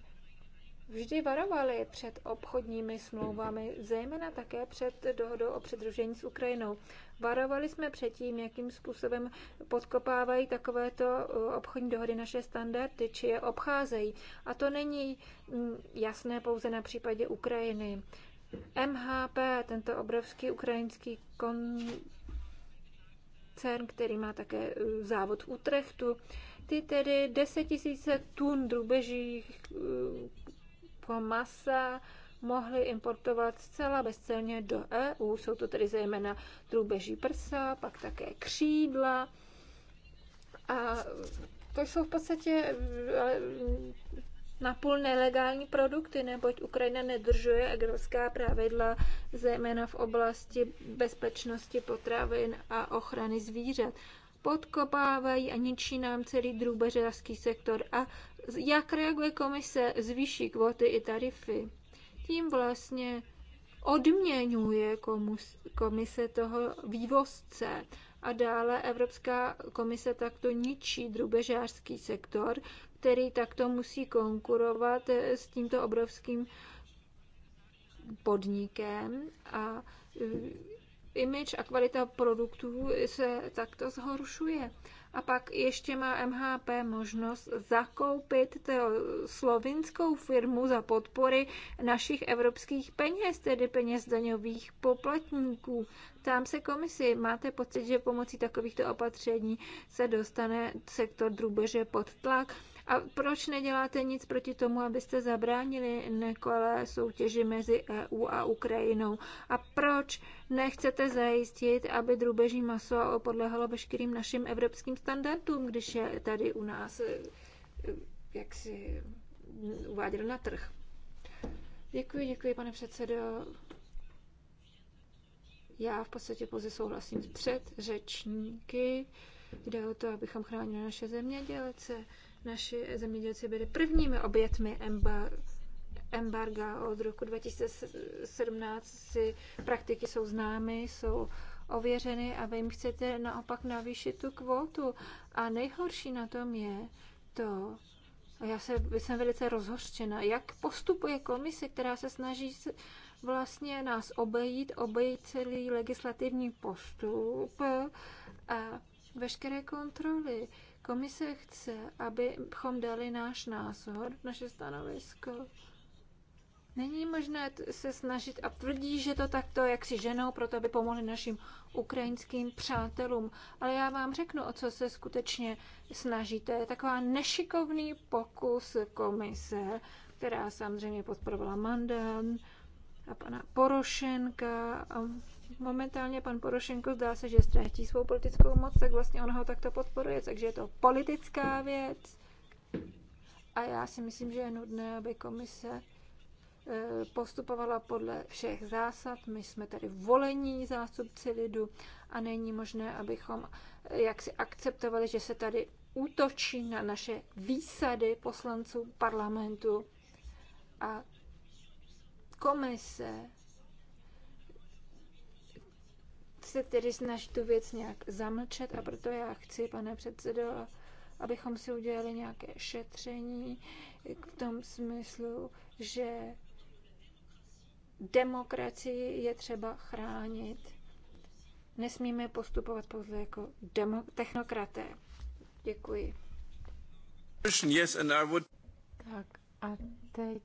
vždy varovali před obchodními smlouvami, zejména také před dohodou o předružení s Ukrajinou. Varovali jsme před tím, jakým způsobem podkopávají takovéto uh, obchodní dohody naše standardy, či je obcházejí. A to není mm, jasné pouze na případě Ukrajiny. MHP, tento obrovský ukrajinský kon- cern který má také e, závod v Utrechtu. Ty tedy 000 tun drubežích e, jako masa mohly importovat zcela bezcelně do EU. Jsou to tedy zejména drubeží prsa, pak také křídla. A to jsou v podstatě napůl nelegální produkty, neboť Ukrajina nedržuje agrovská pravidla, zejména v oblasti bezpečnosti potravin a ochrany zvířat. Podkopávají a ničí nám celý drůbeřářský sektor. A jak reaguje komise? Zvýší kvóty i tarify. Tím vlastně odměňuje komise toho vývozce. A dále Evropská komise takto ničí drubežářský sektor, který takto musí konkurovat eh, s tímto obrovským podnikem a eh, image a kvalita produktů se takto zhoršuje. A pak ještě má MHP možnost zakoupit slovinskou firmu za podpory našich evropských peněz, tedy peněz daňových poplatníků. Tam se komisi, máte pocit, že pomocí takovýchto opatření se dostane sektor drubeže pod tlak a proč neděláte nic proti tomu, abyste zabránili nekolé soutěži mezi EU a Ukrajinou? A proč nechcete zajistit, aby drubeží maso podlehalo veškerým našim evropským standardům, když je tady u nás eh, jak si uváděl na trh? Děkuji, děkuji, pane předsedo. Já v podstatě pouze souhlasím s předřečníky. Jde o to, abychom chránili naše zemědělce, naši zemědělci byli prvními obětmi embar embarga. Od roku 2017 si praktiky jsou známy, jsou ověřeny a vy jim chcete naopak navýšit tu kvotu A nejhorší na tom je to, já se, jsem velice rozhořčena, jak postupuje komise, která se snaží vlastně nás obejít, obejít celý legislativní postup a veškeré kontroly. Komise chce, abychom dali náš názor, naše stanovisko. Není možné se snažit a tvrdí, že to takto jak si ženou, proto aby pomohli našim ukrajinským přátelům. Ale já vám řeknu, o co se skutečně snažíte. Je taková nešikovný pokus komise, která samozřejmě podporovala Mandan a pana Porošenka. A momentálně pan Porošenko zdá se, že ztratí svou politickou moc, tak vlastně on ho takto podporuje, takže je to politická věc. A já si myslím, že je nudné, aby komise e, postupovala podle všech zásad. My jsme tady volení zástupci lidu a není možné, abychom e, jaksi akceptovali, že se tady útočí na naše výsady poslanců parlamentu a komise se tedy snaží tu věc nějak zamlčet a proto já chci, pane předsedo, abychom si udělali nějaké šetření v tom smyslu, že demokracii je třeba chránit. Nesmíme postupovat pouze jako demo- technokraté. Děkuji. Yes, and I would... Tak a teď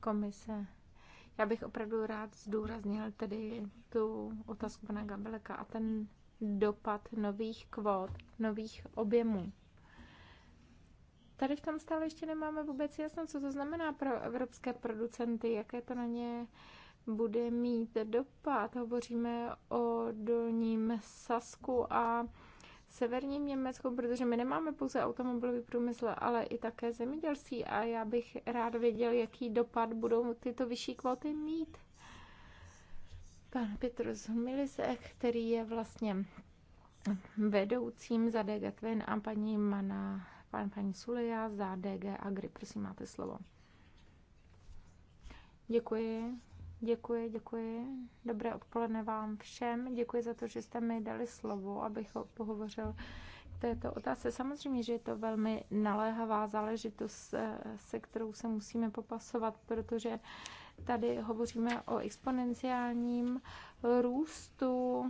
komise. Já bych opravdu rád zdůraznil tedy tu otázku pana Gabeleka a ten dopad nových kvót, nových objemů. Tady v tom stále ještě nemáme vůbec jasno, co to znamená pro evropské producenty, jaké to na ně bude mít dopad. Hovoříme o dolním Sasku a severním Německu, protože my nemáme pouze automobilový průmysl, ale i také zemědělství a já bych rád věděl, jaký dopad budou tyto vyšší kvóty mít. Pan Petrus Milisek, který je vlastně vedoucím za DG Twin a paní Mana, pan, paní Sulia za DG Agri. Prosím, máte slovo. Děkuji. Děkuji, děkuji. Dobré odpoledne vám všem. Děkuji za to, že jste mi dali slovo, abych pohovořil této otázce. Samozřejmě, že je to velmi naléhavá záležitost, eh, se kterou se musíme popasovat, protože tady hovoříme o exponenciálním růstu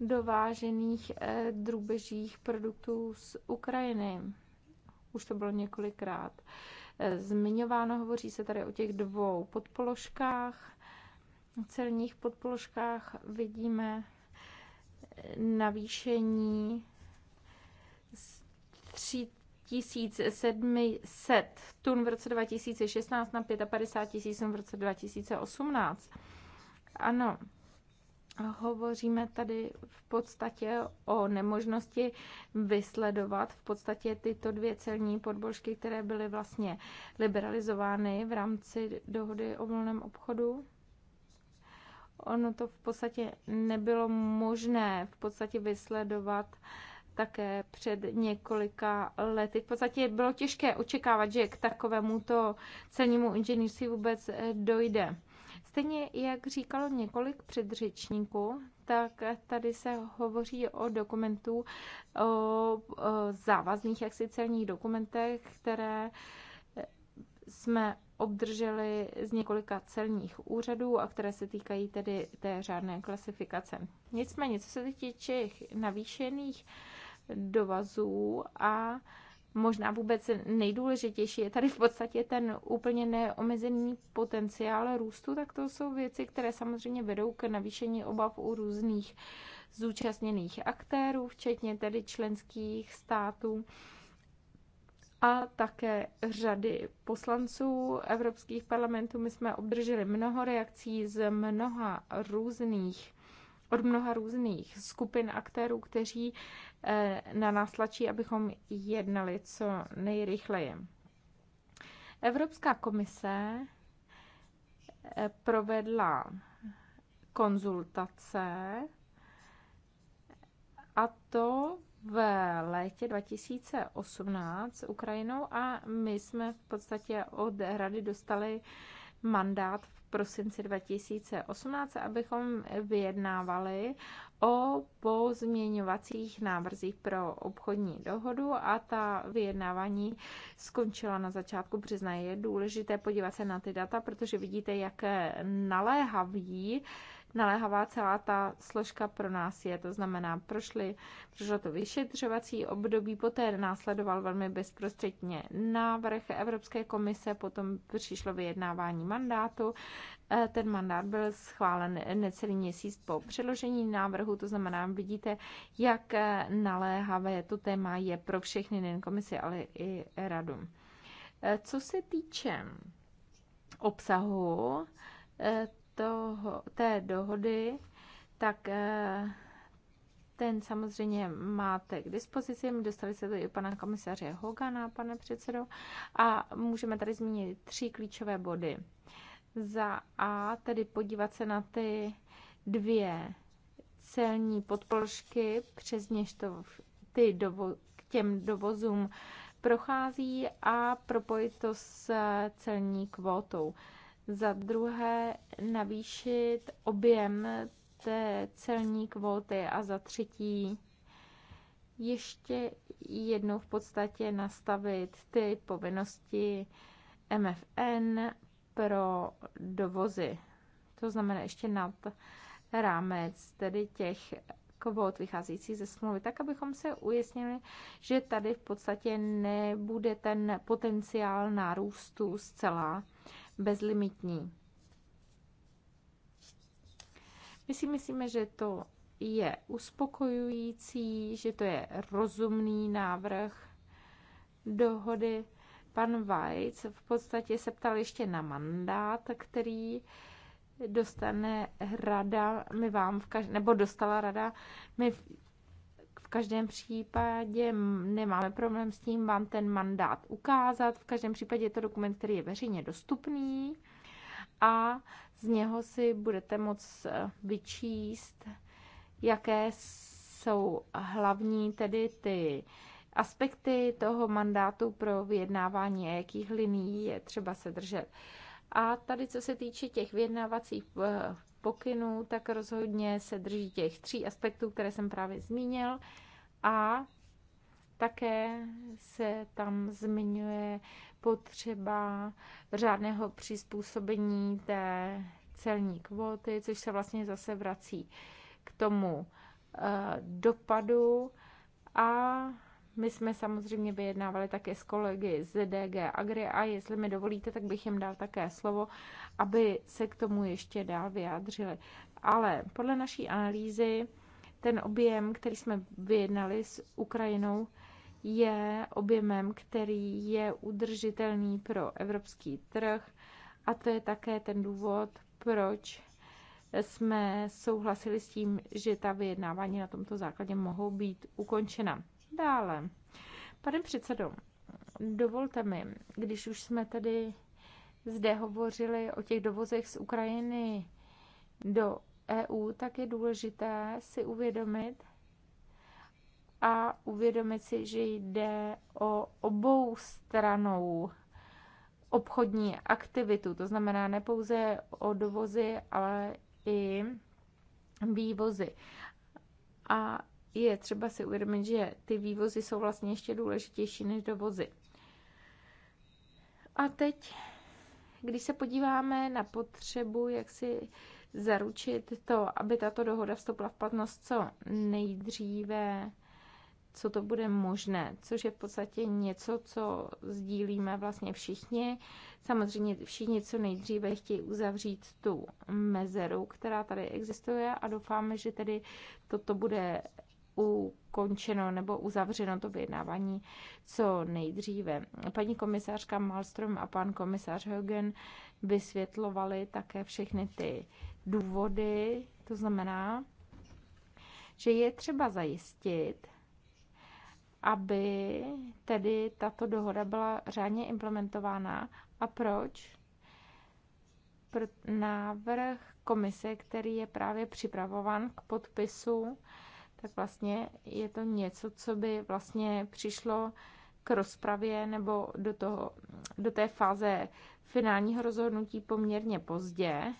dovážených eh, drůbežích produktů z Ukrajiny. Už to bylo několikrát zmiňováno. Hovoří se tady o těch dvou podpoložkách, celních podpoložkách vidíme navýšení z 3700 tun v roce 2016 na 55 tun v roce 2018. Ano, hovoříme tady v podstatě o nemožnosti vysledovat v podstatě tyto dvě celní podbožky, které byly vlastně liberalizovány v rámci dohody o volném obchodu. Ono to v podstatě nebylo možné v podstatě vysledovat také před několika lety. V podstatě bylo těžké očekávat, že k takovému to celnímu inženýrství vůbec dojde. Stejně jak říkalo několik předřečníků, tak tady se hovoří o dokumentů, o, o závazných jaksi celních dokumentech, které jsme obdrželi z několika celních úřadů a které se týkají tedy té řádné klasifikace. Nicméně, co se týče těch navýšených dovazů a možná vůbec nejdůležitější, je tady v podstatě ten úplně neomezený potenciál růstu, tak to jsou věci, které samozřejmě vedou k navýšení obav u různých zúčastněných aktérů, včetně tedy členských států a také řady poslanců evropských parlamentů. My jsme obdrželi mnoho reakcí z mnoha různých od mnoha různých skupin aktérů, kteří Eh, na nás tlačí, abychom jednali co nejrychleji. Evropská komise eh, provedla konzultace a to v létě 2018 s Ukrajinou a my jsme v podstatě od rady dostali mandát v prosinci 2018, abychom vyjednávali o pozměňovacích návrzích pro obchodní dohodu a ta vyjednávání skončila na začátku března. Je důležité podívat se na ty data, protože vidíte, jak naléhavý naléhavá celá ta složka pro nás je. To znamená, prošli, prošlo to vyšetřovací období, poté následoval velmi bezprostředně návrh Evropské komise, potom přišlo vyjednávání mandátu. E, ten mandát byl schválen necelý měsíc po přeložení návrhu, to znamená, vidíte, jak e, naléhavé to téma je pro všechny, nejen komisi, ale i radu. E, co se týče obsahu, toho, té dohody, tak eh, ten samozřejmě máte k dispozici. My dostali se to i pana komisaře Hogana, pane předsedo. A můžeme tady zmínit tři klíčové body. Za A, tedy podívat se na ty dvě celní podpoložky, přes něž to ty dovo, k těm dovozům prochází a propojit to s celní kvótou za druhé navýšit objem té celní kvóty a za třetí ještě jednou v podstatě nastavit ty povinnosti MFN pro dovozy. To znamená ještě nad rámec tedy těch kvót vycházejících ze smlouvy, tak abychom se ujasnili, že tady v podstatě nebude ten potenciál nárůstu zcela bezlimitní. My si myslíme, že to je uspokojující, že to je rozumný návrh dohody. Pan Vajc v podstatě se ptal ještě na mandát, který dostane rada, my vám v kaž- nebo dostala rada, my v každém případě nemáme problém s tím vám ten mandát ukázat. V každém případě je to dokument, který je veřejně dostupný a z něho si budete moc eh, vyčíst, jaké jsou hlavní tedy ty aspekty toho mandátu pro vyjednávání a jakých liní je třeba se držet. A tady, co se týče těch vyjednávacích eh, pokynů, tak rozhodně se drží těch tří aspektů, které jsem právě zmínil. A také se tam zmiňuje potřeba řádného přizpůsobení té celní kvóty, což se vlastně zase vrací k tomu eh, dopadu a my jsme samozřejmě vyjednávali také s kolegy z DG Agri a jestli mi dovolíte, tak bych jim dal také slovo, aby se k tomu ještě dál vyjádřili. Ale podle naší analýzy ten objem, který jsme vyjednali s Ukrajinou, je objemem, který je udržitelný pro evropský trh a to je také ten důvod, proč jsme souhlasili s tím, že ta vyjednávání na tomto základě mohou být ukončena. Dále, pane předsedo, dovolte mi, když už jsme tady zde hovořili o těch dovozech z Ukrajiny do EU, tak je důležité si uvědomit a uvědomit si, že jde o obou stranou obchodní aktivitu. To znamená ne pouze o dovozy, ale i vývozy. A je třeba si uvědomit, že ty vývozy jsou vlastně ještě důležitější než dovozy. A teď, když se podíváme na potřebu, jak si zaručit to, aby tato dohoda vstoupila v platnost co nejdříve, co to bude možné, což je v podstatě něco, co sdílíme vlastně všichni. Samozřejmě všichni co nejdříve chtějí uzavřít tu mezeru, která tady existuje a doufáme, že tedy toto bude ukončeno nebo uzavřeno to vyjednávání co nejdříve. Paní komisářka Malmström a pan komisář Högen vysvětlovali také všechny ty důvody, to znamená, že je třeba zajistit, aby tedy tato dohoda byla řádně implementována. A proč? Pro návrh komise, který je právě připravován k podpisu, tak vlastně je to něco, co by vlastně přišlo k rozpravě nebo do, toho, do té fáze finálního rozhodnutí poměrně pozdě.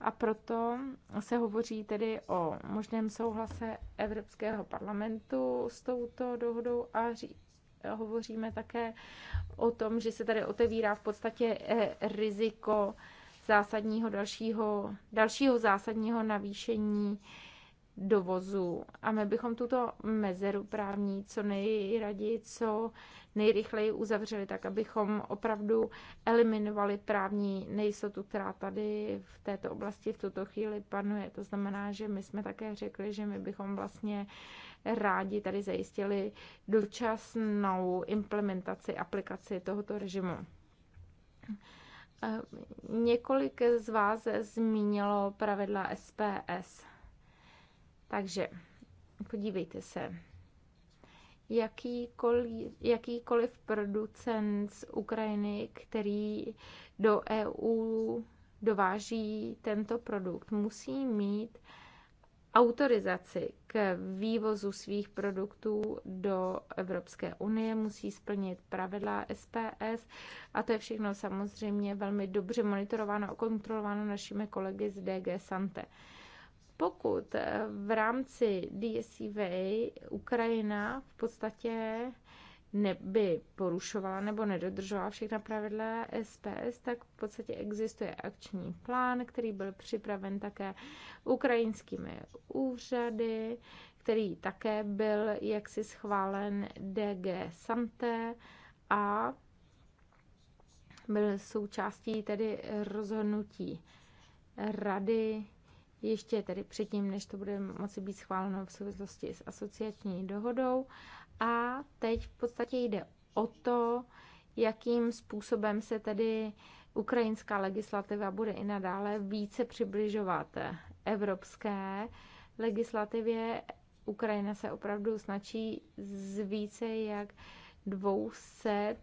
A proto se hovoří tedy o možném souhlase Evropského parlamentu s touto dohodou a ří, hovoříme také o tom, že se tady otevírá v podstatě e, riziko zásadního dalšího, dalšího zásadního navýšení dovozu A my bychom tuto mezeru právní co nejraději, co nejrychleji uzavřeli, tak abychom opravdu eliminovali právní nejistotu, která tady v této oblasti v tuto chvíli panuje. To znamená, že my jsme také řekli, že my bychom vlastně rádi tady zajistili dočasnou implementaci, aplikaci tohoto režimu. Několik z vás zmínilo pravidla SPS. Takže podívejte se, jakýkoliv, jakýkoliv producent z Ukrajiny, který do EU dováží tento produkt, musí mít autorizaci k vývozu svých produktů do Evropské unie, musí splnit pravidla SPS a to je všechno samozřejmě velmi dobře monitorováno a kontrolováno našimi kolegy z DG Sante. Pokud eh, v rámci DSCV Ukrajina v podstatě neby porušovala nebo nedodržovala všechna pravidla SPS, tak v podstatě existuje akční plán, který byl připraven také ukrajinskými úřady, který také byl jaksi schválen DG Samté a byl součástí tedy rozhodnutí rady ještě tedy předtím, než to bude moci být schváleno v souvislosti s asociační dohodou. A teď v podstatě jde o to, jakým způsobem se tedy ukrajinská legislativa bude i nadále více přibližovat evropské legislativě. Ukrajina se opravdu snačí z více jak 200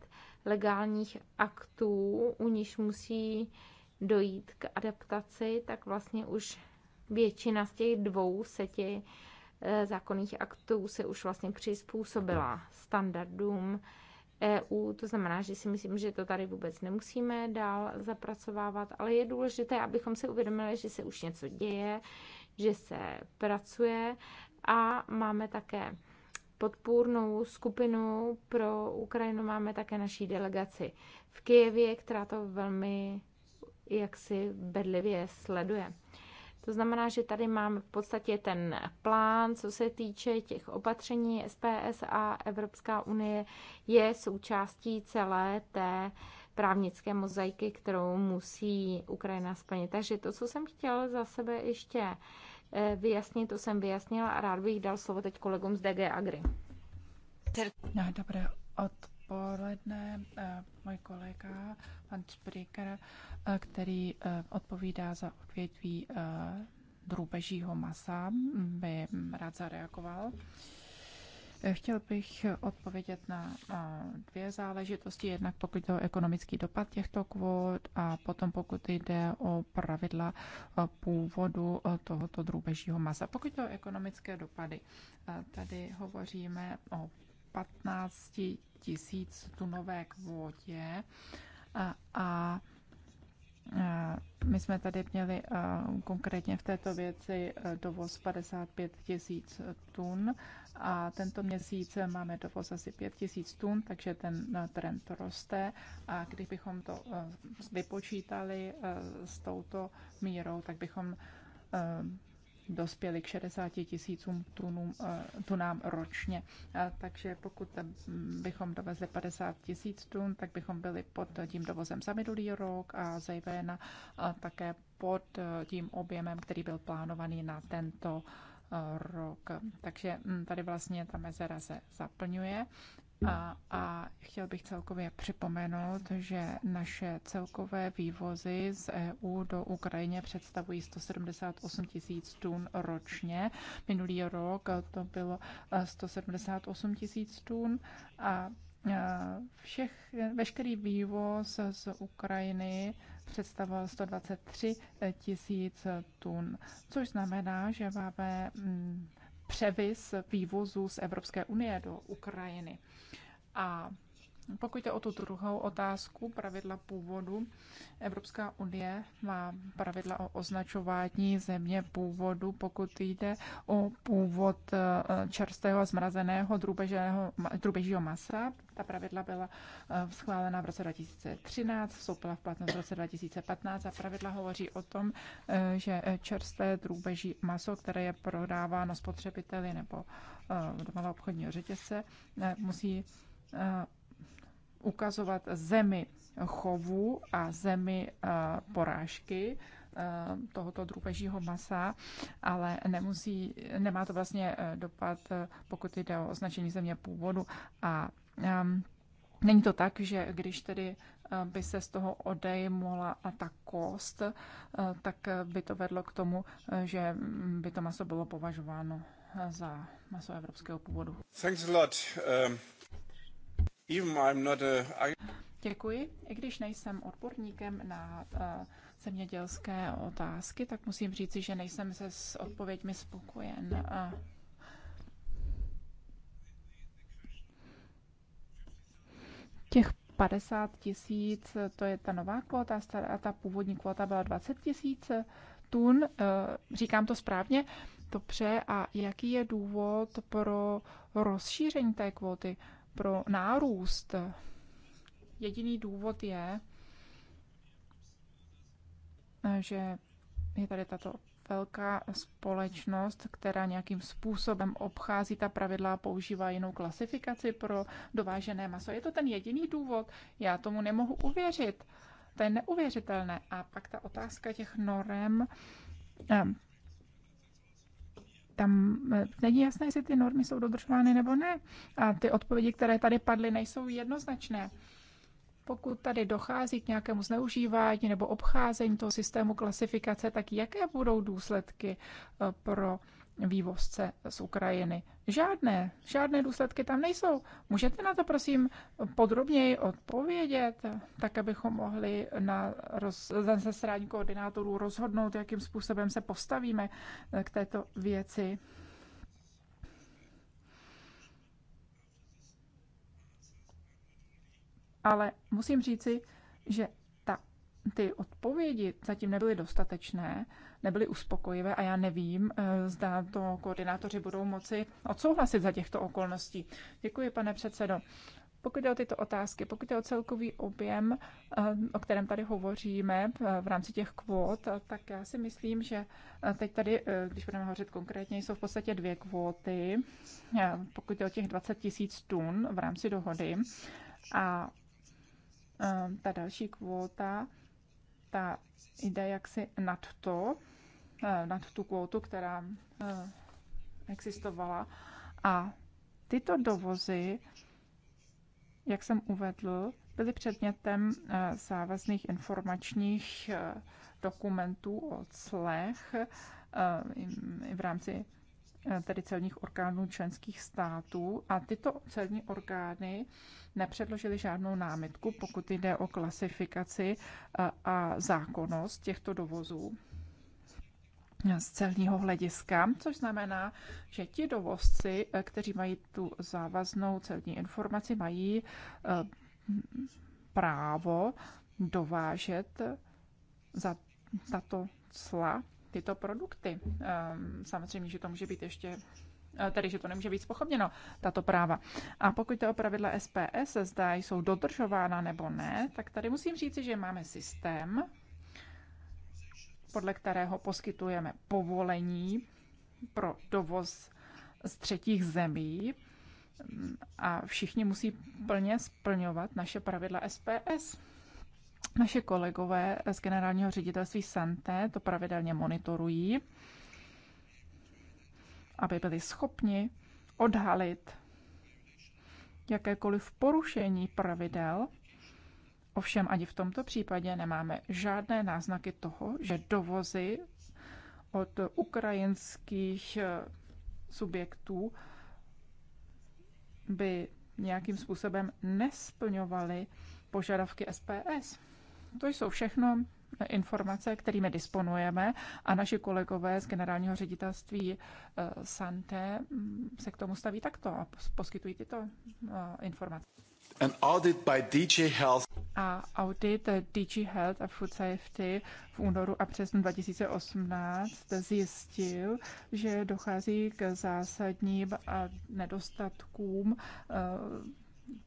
legálních aktů, u níž musí dojít k adaptaci, tak vlastně už většina z těch dvou seti eh, zákonných aktů se už vlastně přizpůsobila standardům EU, to znamená, že si myslím, že to tady vůbec nemusíme dál zapracovávat, ale je důležité, abychom si uvědomili, že se už něco děje, že se pracuje a máme také podpůrnou skupinu pro Ukrajinu, máme také naší delegaci v Kijevě, která to velmi jaksi bedlivě sleduje. To znamená, že tady máme v podstatě ten plán, co se týče těch opatření SPS a Evropská unie je součástí celé té právnické mozaiky, kterou musí Ukrajina splnit. Takže to, co jsem chtěl za sebe ještě eh, vyjasnit, to jsem vyjasnila a rád bych dal slovo teď kolegům z DG Agri. No, dobré od odpoledne eh, můj kolega, pan Spricker, eh, který eh, odpovídá za odvětví drůbežího masa, hm, by rád zareagoval. Chtěl bych odpovědět na dvě záležitosti. Jednak pokud jde o ekonomický dopad těchto kvót a potom pokud jde o pravidla původu tohoto drůbežího masa. Pokud jde o ekonomické dopady, tady hovoříme o 15 tisíc tunové kvótě a, a my jsme tady měli konkrétně v této věci e, dovoz 55 tisíc tun a tento měsíc máme dovoz asi 5 tisíc tun, takže ten e, trend roste a kdybychom to e, vypočítali s touto mírou, tak bychom dospěli k 60 tisícům tunům, eh, tunám ročně. Takže pokud mm, bychom dovezli 50 tisíc tun, tak bychom byli pod tím dovozem za minulý rok a zejména také pod eh, tím objemem, který byl plánovaný na tento eh, rok. Takže mm, tady vlastně ta mezera se zaplňuje a, a chtěl bych celkově připomenout, že naše celkové vývozy z EU do Ukrajiny představují 178 tisíc tun ročně. Minulý rok to bylo 178 eh, tisíc tun a eh, všech, veškerý vývoz z Ukrajiny představoval 123 eh, tisíc tun, což znamená, že máme mm, převis vývozu z Evropské unie do Ukrajiny. A pokud jde o tu druhou otázku, pravidla původu, Evropská unie má pravidla o označování země původu, pokud jde o původ eh, čerstvého a zmrazeného drůbežího masa. Ta pravidla byla eh, schválena v roce 2013, vstoupila v platnost v roce 2015 a pravidla hovoří o tom, eh, že čerstvé drůbeží maso, které je prodáváno spotřebiteli nebo do malého obchodního řetězce, musí Eh, ukazovat zemi chovu a zemi eh, porážky eh, tohoto drůbežího masa, ale nemusí, nemá to vlastně dopad, pokud jde o označení země původu a um, Není to tak, že když tedy by se z toho odejmula a ta kost, tak by to vedlo k tomu, že mm, by to maso bylo považováno za maso evropského původu. Thanks a lot. Um... Děkuji. I když nejsem odborníkem na eh, zemědělské otázky, tak musím říci, že nejsem se s odpověďmi spokojen. Eh, těch 50 tisíc, to je ta nová kvota, a ta původní kvota byla 20 tisíc tun, eh, říkám to správně, dobře, a jaký je důvod pro rozšíření té kvóty? pro nárůst. Jediný důvod je, že je tady tato velká společnost, která nějakým způsobem obchází ta pravidla a používá jinou klasifikaci pro dovážené maso. Je to ten jediný důvod? Já tomu nemohu uvěřit. To je neuvěřitelné. A pak ta otázka těch norem eh, tam e, není jasné, jestli ty normy jsou dodržovány nebo ne. A ty odpovědi, které tady padly, nejsou jednoznačné. Pokud tady dochází k nějakému zneužívání nebo obcházení toho systému klasifikace, tak jaké budou důsledky e, pro vývozce z Ukrajiny. Žádné, žádné důsledky tam nejsou. Můžete na to prosím podrobněji odpovědět, tak abychom mohli na, roz, na zasedání koordinátorů rozhodnout, jakým způsobem se postavíme eh, k této věci. Ale musím říci, že ty odpovědi zatím nebyly dostatečné, nebyly uspokojivé a já nevím, eh, zda to koordinátoři budou moci odsouhlasit za těchto okolností. Děkuji, pane předsedo. Pokud jde o tyto otázky, pokud jde o celkový objem, eh, o kterém tady hovoříme v rámci těch kvót, eh, tak já si myslím, že teď tady, když budeme hovořit konkrétně, jsou v podstatě dvě kvóty, pokud jde o těch 20 tisíc tun v rámci dohody. A ta další kvóta ta jde jaksi nad to, eh, nad tu kvotu, která eh, existovala. A tyto dovozy, jak jsem uvedl, byly předmětem eh, závazných informačních dokumentů o clech v rámci Eh, tedy celních orgánů členských států a tyto celní orgány nepředložily žádnou námitku, pokud jde o klasifikaci eh, a zákonnost těchto dovozů z celního hlediska, což znamená, že ti dovozci, eh, kteří mají tu závaznou celní informaci, mají právo dovážet za tato cla tyto produkty. Ehm, samozřejmě, že to může být ještě e, tedy že to nemůže být spochopněno, tato práva. A pokud to o pravidla SPS, zda jsou dodržována nebo ne, tak tady musím říci, že máme systém, podle kterého poskytujeme povolení pro dovoz z třetích zemí mm, a všichni musí plně splňovat naše pravidla SPS. Naše kolegové z generálního ředitelství Sante to pravidelně monitorují, aby byli schopni odhalit jakékoliv porušení pravidel. Ovšem ani v tomto případě nemáme žádné náznaky toho, že dovozy od ukrajinských eh, subjektů by nějakým způsobem nesplňovaly požadavky SPS. To jsou všechno informace, kterými disponujeme a naši kolegové z generálního ředitelství eh, Sante mm, se k tomu staví takto a poskytují tyto eh, informace. An audit by DG Health. A audit DG Health a Food Safety v únoru a přesnu 2018 zjistil, že dochází k zásadním nedostatkům eh,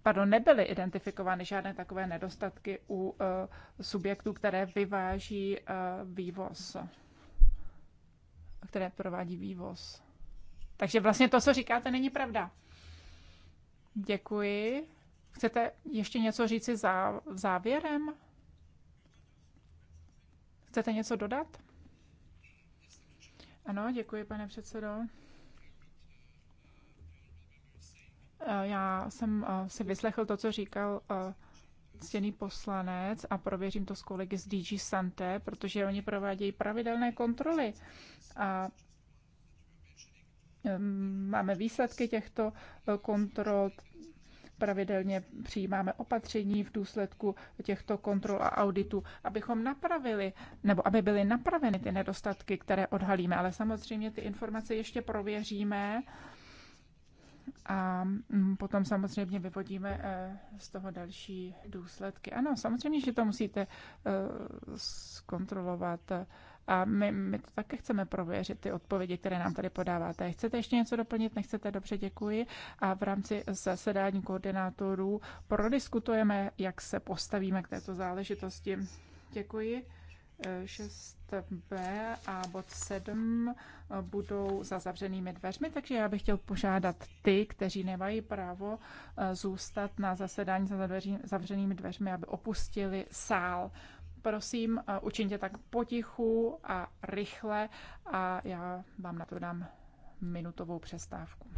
pardon, nebyly identifikovány žádné takové nedostatky u eh, subjektů, které vyváží eh, vývoz, které provádí vývoz. Takže vlastně to, co říkáte, není pravda. Děkuji. Chcete ještě něco říci za, závěrem? Chcete něco dodat? Ano, děkuji, pane předsedo. Eh, já jsem eh, si vyslechl to, co říkal eh, ctěný poslanec a prověřím to s kolegy z DG Santé, protože oni provádějí pravidelné kontroly a máme výsledky těchto kontrol, pravidelně přijímáme opatření v důsledku těchto kontrol a auditů, abychom napravili, nebo aby byly napraveny ty nedostatky, které odhalíme. Ale samozřejmě ty informace ještě prověříme a mm, potom samozřejmě vyvodíme eh, z toho další důsledky. Ano, samozřejmě, že to musíte eh, zkontrolovat a my, my to také chceme prověřit, ty odpovědi, které nám tady podáváte. Chcete ještě něco doplnit? Nechcete? Dobře, děkuji. A v rámci zasedání koordinátorů prodiskutujeme, jak se postavíme k této záležitosti. Děkuji. 6b a bod 7 budou za zavřenými dveřmi, takže já bych chtěl požádat ty, kteří nemají právo eh, zůstat na zasedání za zavřenými dveřmi, aby opustili sál. Prosím, eh, učiňte tak potichu a rychle a já vám na to dám minutovou přestávku.